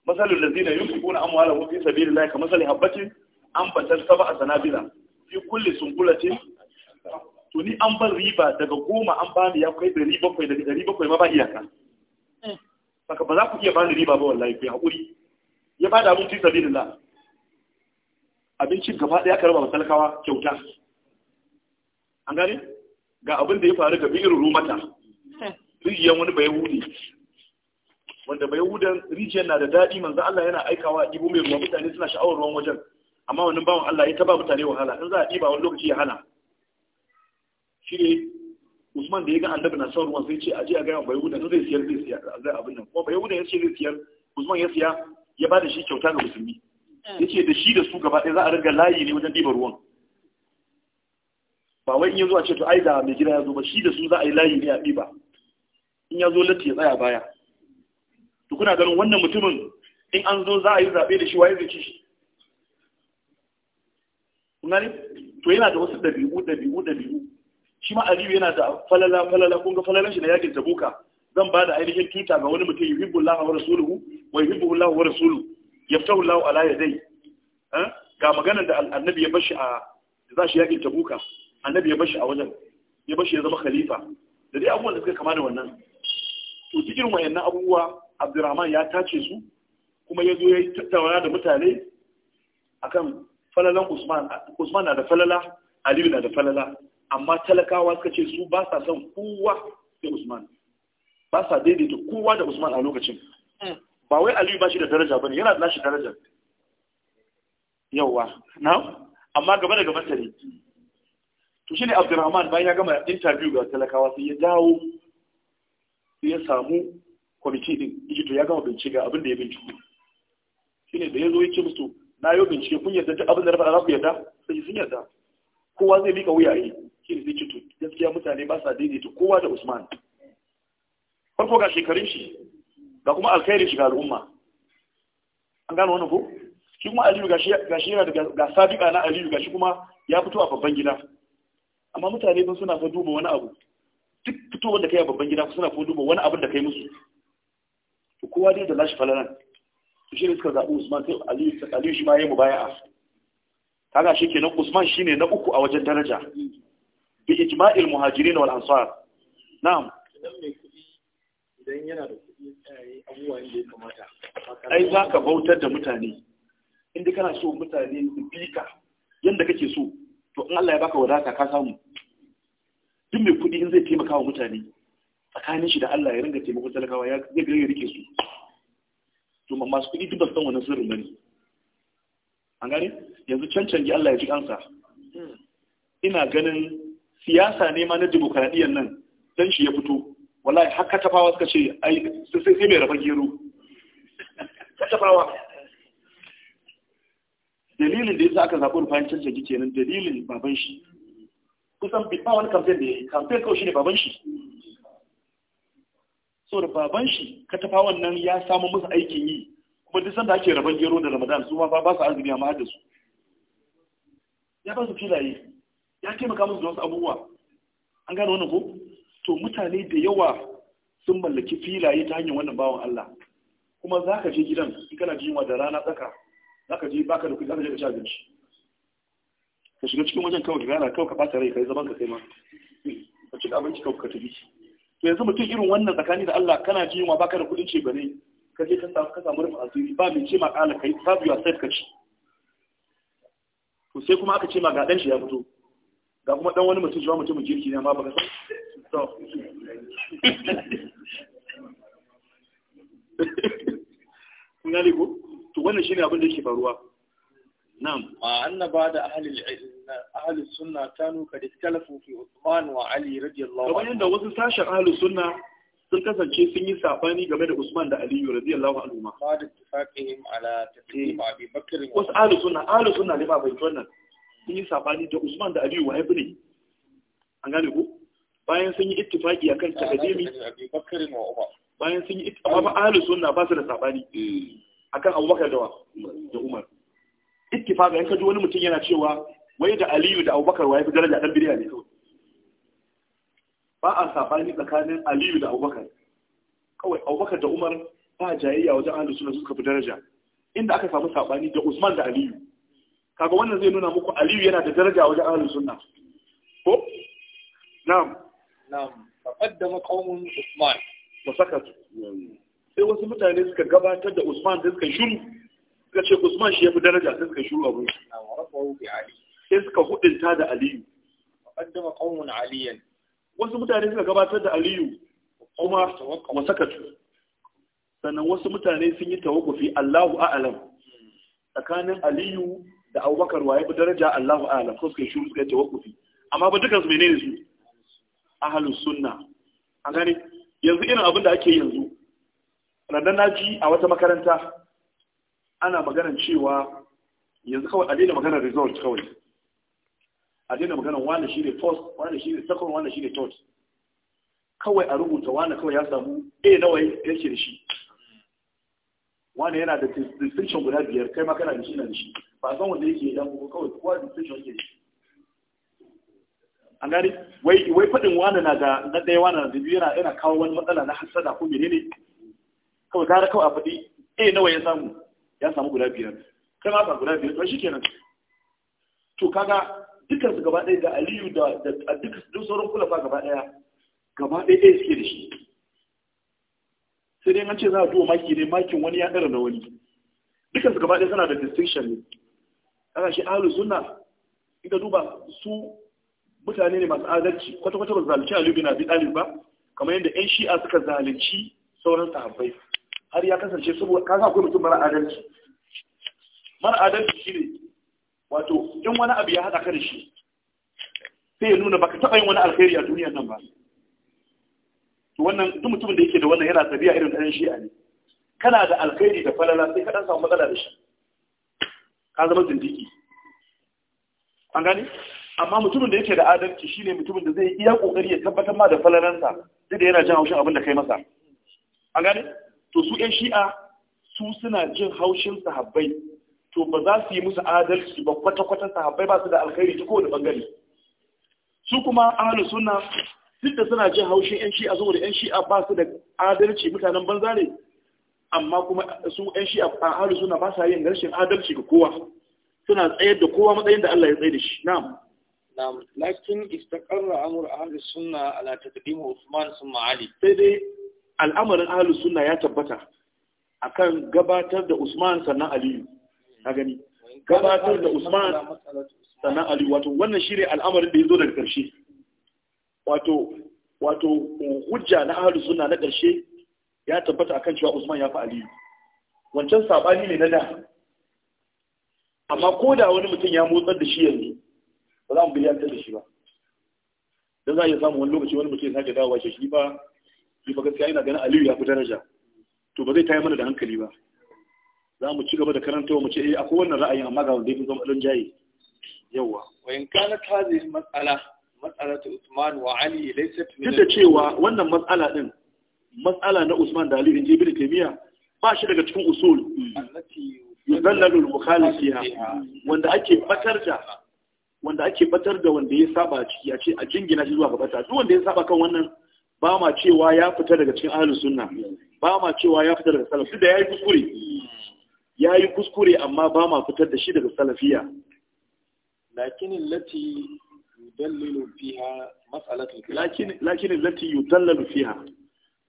A: masalul ladina yunfiquna amwalahum fi sabilillahi kamathali habatin an batar saba a sanabila fi kulle ce. to ni an ban riba daga goma an bani ya kai dari bakwai da dari bakwai ma ba iyaka eh. saka ba za ku iya bani riba ba wallahi kai hakuri ya ba da abinci sabilillah abincin gaba daya ka raba wa talakawa kyauta an gane ga abin da ya faru ga bi'ir rumata eh. rijiyan wani bai wanda bai hudan rijiyar na da daɗi manzo Allah yana aikawa ibo mai ruwa mutane suna sha'awar ruwan wajen amma wani bawon Allah ya taba mutane wahala in za a ɗiba wani lokaci ya hana shi ne Usman da ya ga annabi na son ruwan sai ce a je a gaya bai wuda in zai siyar zai siyar zai abin nan kuma bai wuda ya ce zai siyar Usman ya siya ya ba da shi kyauta ga musulmi ya ce da shi da su gaba ɗaya za a riga layi ne wajen ɗiba ruwan ba wai in ya zo a ce to ai da mai gida ya zo ba shi da su za a yi layi ne a ɗiba in ya zo latti ya tsaya baya to kuna ganin wannan mutumin in an zo za a yi zaɓe da shi waye zai ci shi gani to yana da wasu ɗabi'u ɗabi'u ɗabi'u shi ma aliyu yana da falala falala kun ga falalan shi na yakin tabuka zan ba da ainihin tuta ga wani mutum yuhibbu Allah wa rasuluhu wa yuhibbu Allah wa rasulu yaftahu Allah ala yadai eh? ga maganar da annabi ya bashi a za shi yakin tabuka annabi ya bashi a wajen ya bashi ya zama khalifa da dai abubuwan da suka kama da wannan to cikin wayannan abubuwa Abdurrahman ya tace su kuma ya zo ya tattauna da mutane akan falalan Usman Usman na da falala Aliyu na da falala amma talakawa suka ce su ba sa son kowa da Usman ba sa daidaita kowa da Usman a lokacin hmm. ba wai Aliyu ba shi da daraja bane yana da nashi daraja yawa na amma gaba da gaban tare to shine Abdurrahman bayan ya gama interview ga talakawa sai ya dawo sai ya samu kwamiti din to ya gama bincika abin da ya binciko shine da ya zo ya ce musu na yi bincike kun yadda duk abin da na faɗa za ku yadda, sai sun yarda kowa zai mika wuya yi shi ne zai cutu gaskiya mutane ba sa daidaita kowa da usman farko ga shekarun shi ga kuma alkhairin shi ga al'umma an gano wannan ko shi kuma aliyu ga shi yana da ga sabiƙa na aliyu ga shi kuma ya fito a babban gida amma mutane sun suna fa duba wani abu duk fito wanda kai a babban gida suna fa duba wani abin da kai musu kowa dai da lashi falalan shi ne suka zaɓi usman sai aliyu shi ma ya yi mubaya'a kaga shi kenan usman shi ne na uku a wajen daraja bi ijma'il muhajirin wal ansar na'am idan yana da kuɗi tsaye abubuwan da ya kamata ai za ka bautar da mutane inda kana so mutane su bi ka yadda kake so to in Allah ya baka wadata ka samu duk mai kuɗi in zai taimaka wa mutane tsakanin shi da Allah ya ringa taimakon talakawa ya zai ga rike su to masu kuɗi duk ba san wani sirrin bane an gane yanzu cancanci Allah ya ji kansa ina ganin siyasa ne ma na demokradiyyar nan dan shi ya fito wallahi har tafawa suka ce ai sai sai mai rafa gero tafawa dalilin da yasa aka zaɓi rufayin cancanci kenan dalilin baban shi kusan ba wani kamfen da ya yi kamfen kawai shi ne baban shi saboda baban shi tafa wannan ya samu musu aikin yi kuma duk sanda ake raban gero da ramadan su ma ba su arziki amma da su ya ba su filaye ya taimaka musu da wasu abubuwa an gane wannan ko to mutane da yawa sun mallaki filaye ta hanyar wannan bawan Allah kuma za ka je gidan in kana ji da rana tsaka za ka je baka da kuɗi za ka je ka ci abinci ka shiga cikin wajen kawai ka gana kawai ka ɓata rai ka yi zaman ka kai ma ka ci abinci kawai ka tafi to yanzu mutum irin wannan tsakani da Allah kana ji yunwa baka da kuɗin ce bane ka je ka samu ka samu rufin asiri ba mai ce ma kala kai save yourself ka ci to sai kuma aka ce ma ga dan shi ya fito ga kuma dan wani mutum jiwa mutum jirki ne amma baka san kun gane ko to wannan shine abin da yake faruwa نعم أن بعد أهل أهل السنة كانوا قد اختلفوا في عثمان وعلي رضي الله عنهم. كمان wasu sashen أهل sunna sun kasance sun yi sabani game da Usman da Aliyu radiyallahu anhu ma. Ba da tafaqihim ala taqdim eh. Abi Bakr. Wasu ahli sunna ahli sunna ne ba bai wannan. Sun yi sabani da Usman da Aliyu wa ibni. An gane ko? Bayan sun yi ittifaqi akan taqdimi Bayan sun yi ittifaqi ahli sunna ba su da sabani. Eh. Akan Abubakar da Umar. ittifaqan in ka ji wani mutum yana cewa wai da Aliyu da Abubakar wai fi daraja dan bid'a ne kawai ba a sabani tsakanin Aliyu da Abubakar kawai Abubakar da Umar ba jayayya wajen ahlus sunna suka fi daraja inda aka samu sabani da Usman da Aliyu kaga wannan zai nuna muku Aliyu yana da daraja wajen ahlus sunna ko na'am na'am da qaumun Usman wa sakatu sai wasu mutane suka gabatar da Usman da suka shiru suka ce Usman shi ya fi daraja sai suka shuru abun shi sai suka hudunta da Aliyu qaddama qaumun aliyan wasu mutane suka gabatar da Aliyu kuma wasakatu sannan wasu mutane sun yi tawakkufi Allahu a'lam tsakanin Aliyu da Abubakar waye fi daraja Allahu a'lam ko suka shuru suka tawakkufi amma ba dukansu menene su ahlus sunna an gani yanzu irin abin da ake yanzu na ji a wata makaranta ana maganar cewa yanzu kawai a daina maganar result kawai a daina maganar wani shi ne first wani shi ne second wani shi ne third kawai a rubuta wani kawai ya samu a nawa ya yake da shi wani yana da distinction guda biyar kai ma kana da shi na da shi ba san wanda yake da mu kawai kowa distinction yake da shi an gani wai wai fadin wani na da na ɗaya wani na da biyu yana yana kawo wani matsala na hasada ko menene kawai gara kawai a faɗi a nawa ya samu ya samu guda biyar kai ma ba guda biyar to shikenan to kaga dukkan su gaba ɗaya da Aliyu da duk sauran kulafa gaba ɗaya gaba ɗaya ɗaya suke da shi sai dai an ce za a duwa maki ne makin wani ya ɗara na wani dukkan su gaba ɗaya suna da distinction ne kaga shi ahlu sunna ita duba su mutane ne masu adalci kwata-kwata ba zalunci bai na bi Talib ba kamar yadda 'yan shi'a suka zalunci sauran sahabbai har ya kasance saboda ka sa akwai mutum mara adalci mara adalci ne. wato in wani abu ya haɗa ka da shi sai ya nuna baka taɓa yin wani alkhairi a duniyar nan ba to wannan duk mutumin da yake da wannan yana tabiya irin ɗan shi'a ne kana da alkhairi da falala sai ka ɗan samu matsala da shi ka zama zindiki an gani? amma mutumin da yake da adalci shine mutumin da zai iya kokari ya tabbatar ma da falalansa duk da yana jin haushin abin da kai masa an gani? to su yan shi'a su suna jin haushin sahabbai to ba za su yi musu adalci ba kwata-kwata sahabbai ba su da alkhairi ta kowane bangare su kuma ahalin suna duk da suna jin haushin ƴan shi'a saboda ƴan shi'a ba su da adalci mutanen banza ne amma kuma su ƴan shi'a a ahalin suna ba sa yin rashin adalci ga kowa suna tsayar da kowa matsayin da Allah ya tsaye da shi na'am na'am lakin istaqarra amru ahlus sunna ala taqdim Uthman summa Ali sai dai al'amarin ahlus sunna ya tabbata akan gabatar da Usman sannan Aliyu ka gani gabatar da Usman sannan Aliyu wato wannan shine al'amarin da yazo daga karshe wato wato hujja na ahlus sunna na karshe ya tabbata akan cewa Usman ya fi Aliyu wancan sabani ne na da amma ko da wani mutum ya motsar da shi yanzu ba za mu biyantar da shi ba dan za a iya samun wani lokaci wani mutum ya sake dawowa shi ba ni ba gaskiya ina ganin aliyu ya fi daraja to ba zai tayar mana da hankali ba za mu ci gaba da karanta mu ce eh akwai wannan ra'ayin amma ga wanda ya fi zama ɗan jaye yawa wa in kana matsala, matsala ta Usman wa Ali laysat min duk da cewa wannan matsala din matsala na Usman da Ali in ji Ibn Taymiya ba shi daga cikin usul allati yudallalu al-mukhalif fiha wanda ake batar da wanda ake batar da wanda ya saba ciki a ce a jingina shi zuwa ga bata duk wanda ya saba kan wannan ba ma cewa ya fita daga cikin ahlus sunna ba ma cewa ya fita daga salafi da yayi kuskure yayi kuskure amma ba ma fitar da shi daga salafiya lakin allati yudallilu fiha mas'alatu lakin lakin allati yudallalu fiha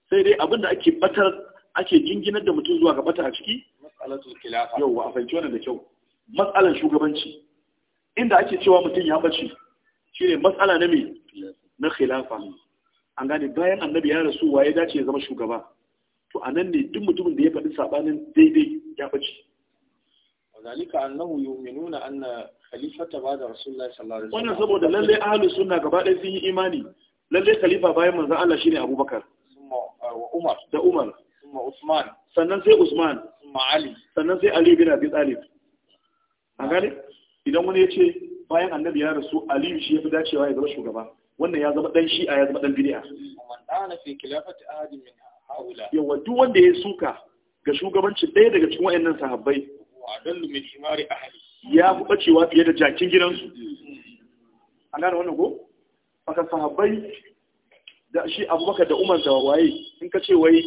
A: sai dai abinda ake batar ake jinginar da mutum zuwa ga bata a ciki mas'alatul khilafa yawa a fahimci wannan da kyau mas'alan shugabanci inda ake cewa mutum ya bace shine mas'ala na me na khilafa an gane bayan annabi ya rasu waye dace ya zama shugaba to anan ne duk mutumin da ya faɗi sabanin daidai ya bace zalika annahu yu'minuna anna khalifata ba'da rasulullahi sallallahu alaihi wasallam wannan saboda lalle ahlus sunna gaba ɗaya sun yi imani lalle khalifa bayan manzon Allah shine Abubakar uh, wa Umar da Umar thumma Usman sannan sai Usman thumma Ali sannan sai Ali bin Abi Talib an gane idan wani ya ce bayan annabi ya rasu Ali shi ya fi dacewa ya zama shugaba wannan ya zama dan shi'a ya zama dan bid'a yawa duk wanda ya suka ga shugabancin ɗaya daga cikin wa'annan sahabbai ya fi bacewa fiye da jakin gidansu an gane wannan ko baka sahabbai da shi abubakar da umar da waye in ka ce wai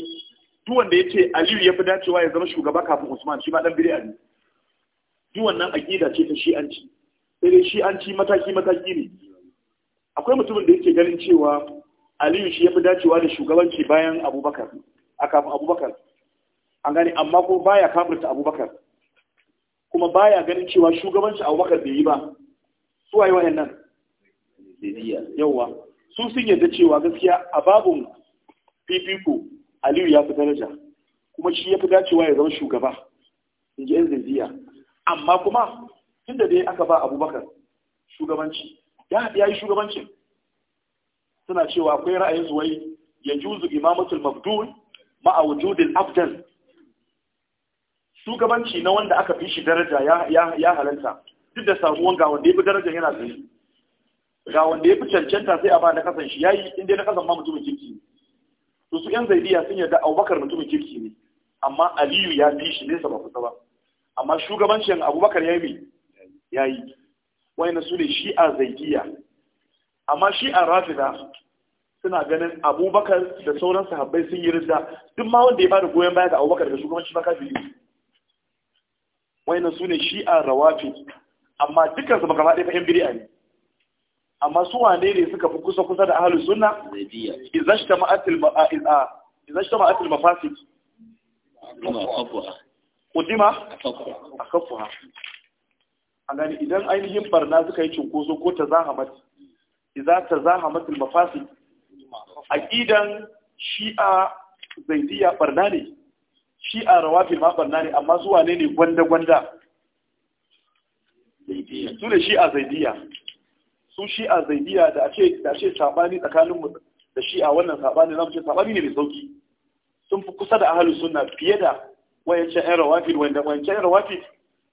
A: duk wanda ya ce aliyu ya fi dacewa ya zama shugaba kafin usman shi ma dan bid'a ne duk wannan aqida ce ta shi'anci sai dai shi'anci mataki mataki ne akwai mutumin da yake ganin cewa aliyu shi ya fi dacewa da shugabanci bayan abubakar a kafin abubakar an gane amma ko baya kafirta abubakar kuma baya ganin cewa shugabanci abubakar bai yi ba su waye wayan nan yawa su sun yadda cewa gaskiya a babun fifiko aliyu ya fi daraja kuma shi ya fi dacewa ya zama shugaba in ji yan zanziya amma kuma tunda dai aka ba abubakar shugabanci ya ya yi shugabancin suna cewa akwai ra'ayin zuwai ya juzu imamatul mabdul ma'a wujudil abdal shugabanci na wanda aka fi shi daraja ya halarta duk da samuwan ga wanda ya fi daraja yana zai ga wanda ya fi cancanta sai a ba na kasan shi ya yi inda na kasan ma mutumin kirki ne to su yan zaidiya sun yarda abubakar mutumin kirki ne amma aliyu ya fi shi nesa ba kusa ba amma shugabancin abubakar ya yi Waina su ne shi'a zaidiya amma a rafida suna ganin abubakar da sauran sahabbai sun yi rizda duk ma wanda ya bada goyon baya ga abubakar da shugabanci ba kafiri Waina su ne a rawafi amma dukkan su gaba ɗaya fa yan ne amma su wane ne suka fi kusa kusa da ahlus sunna izashtama'atil ma'a izashtama'atil mafasid qudima a gani idan ainihin barna suka yi cunkoso ko ta zahamat idza ta zahamat al mafasid aqidan shi'a zaidiya barna ne shi'a rawafi ma barna ne amma zuwa ne ne gwanda gwanda su ne shi'a zaidiya su shi'a zaidiya da ake da ake sabani tsakanin mu da shi'a wannan sabani zamu ce sabani ne mai sauki sun fi kusa da ahlus sunna fiye da wayancan ƴan rawafi wanda wayancan ƴan rawafi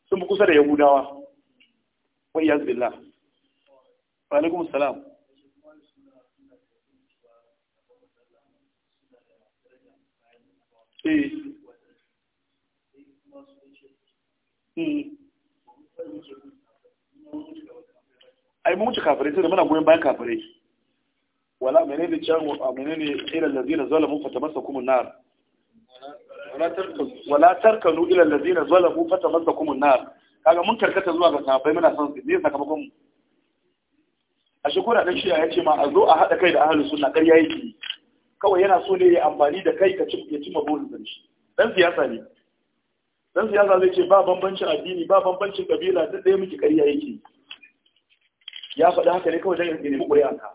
A: sun fi kusa da yahudawa wa iyaz billah wa alaikum salam eh. hmm. ai mun ci kafirai sai muna goyon bayan kafirai wala menene can menene ila allazina zalamu fatamassakum an-nar wala tarkanu ila allazina zalamu fatamassakum an-nar kaga mun karkata zuwa ga sahabbai muna son su ne sakamakon mu a shekura dan shi ya ce ma a zo a haɗa kai da ahlus sunna yayi ki kawai yana so ne ya amfani da kai ka ci ya ci maburin da shi dan siyasa ne dan siyasa zai ce ba bambancin addini ba bambancin kabila duk ɗaya miki ƙarya yake ya faɗi haka ne kawai dan ya nemi ƙuri'anka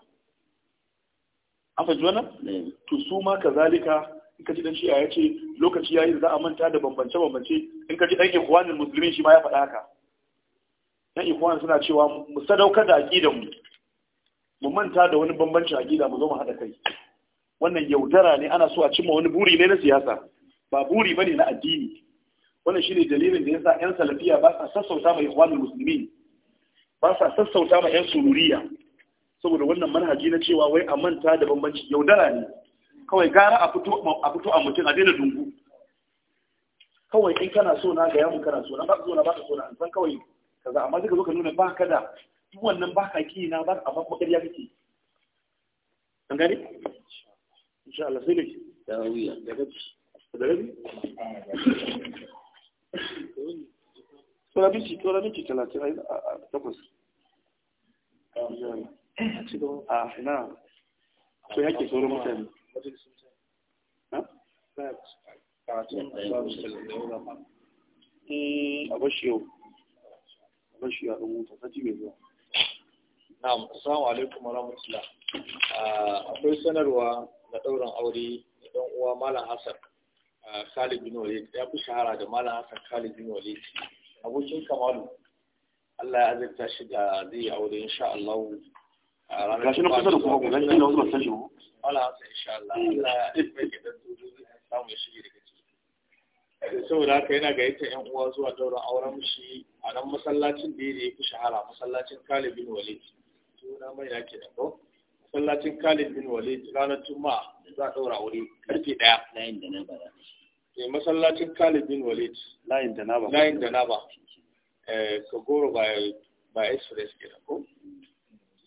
A: an fahimci wannan mm. to su ma kazalika in ka ji dan shi ya ce lokaci yayi za a manta da bambance bambance in ka ji ɗan ikwanin musulmi shi ma ya faɗa haka ɗan ikwanin suna cewa mu sadaukar da aƙidan mu mu manta da wani bambancin aƙida mu zo mu haɗa kai wannan yaudara ne ana so a cimma wani buri ne na siyasa ba buri bane na addini wannan shine dalilin da yasa 'yan salafiya ba sa sassauta ma ikwanin musulmi ba sa sassauta ma ƴan sururiya saboda wannan manhaji na cewa wai a manta da bambanci yaudara ne kawai gara a fito a mutum a daina dungu kawai in kana so na ga yamu kana so na baka so na baka so na san kawai kaza amma duka zo ka nuna baka da duk wannan baka ki na ba amma kuma ƙarya kake an gani insha Allah sai dai da wuya da gabi da gabi tsoraminci tsoraminci talatin a takwas a na so yake sauran mutane karatun babu sallallahu eh, a bashi a bashi mai zuwa na'am assalamu alaikum wa ah, akwai sanarwa na ɗaurin aure da uwa malam hassan ah, khalid bin walid ya fi shahara da malam hassan khalid bin walid abokin kamalu Allah ya azurta shi da zai yi aure insha Allah ah, gashi na da kuma gashi na wasu masu shi Allah ya azurta insha Allah Allah ya azurta da samu ya daga saboda haka yana ga yata yan uwa zuwa daura auren shi a nan masallacin da ya fi shahara masallacin Khalid bin Walid suna mai da ke da ko masallacin Khalid bin Walid ranar Juma'a za a daura aure karfe daya layin da na ba. eh masallacin Khalid bin Walid layin da na ba layin da na ba eh, Ka goro ba by express ke da ko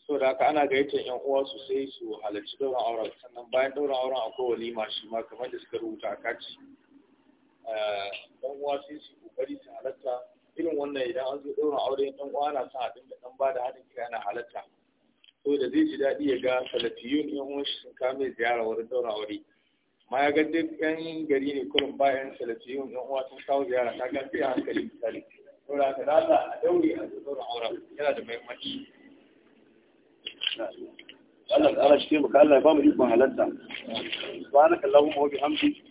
A: saboda haka ana ga yata yan uwa su sai su halarci daura auren sannan bayan daura auren akwai walima shi ma kamar da suka rubuta a kaci ɗan eh, uwa sai su kokari su halatta irin wannan idan an zo ɗaura aure ɗan uwa na son abin da ɗan ba da haɗin kai yana halatta so da zai ji daɗi ya ga salafiyun yan uwan shi sun kame ziyara wurin ɗaura aure ma ya ga duk yan gari ne kurin bayan salafiyun yan uwa sun kawo ziyara ta gaske a hankali misali saboda ka dala a daure a ɗaura aure yana da muhimmanci Allah ta'ala shi ka Allah ya ba mu ikon halatta subhanaka allahumma wa bihamdika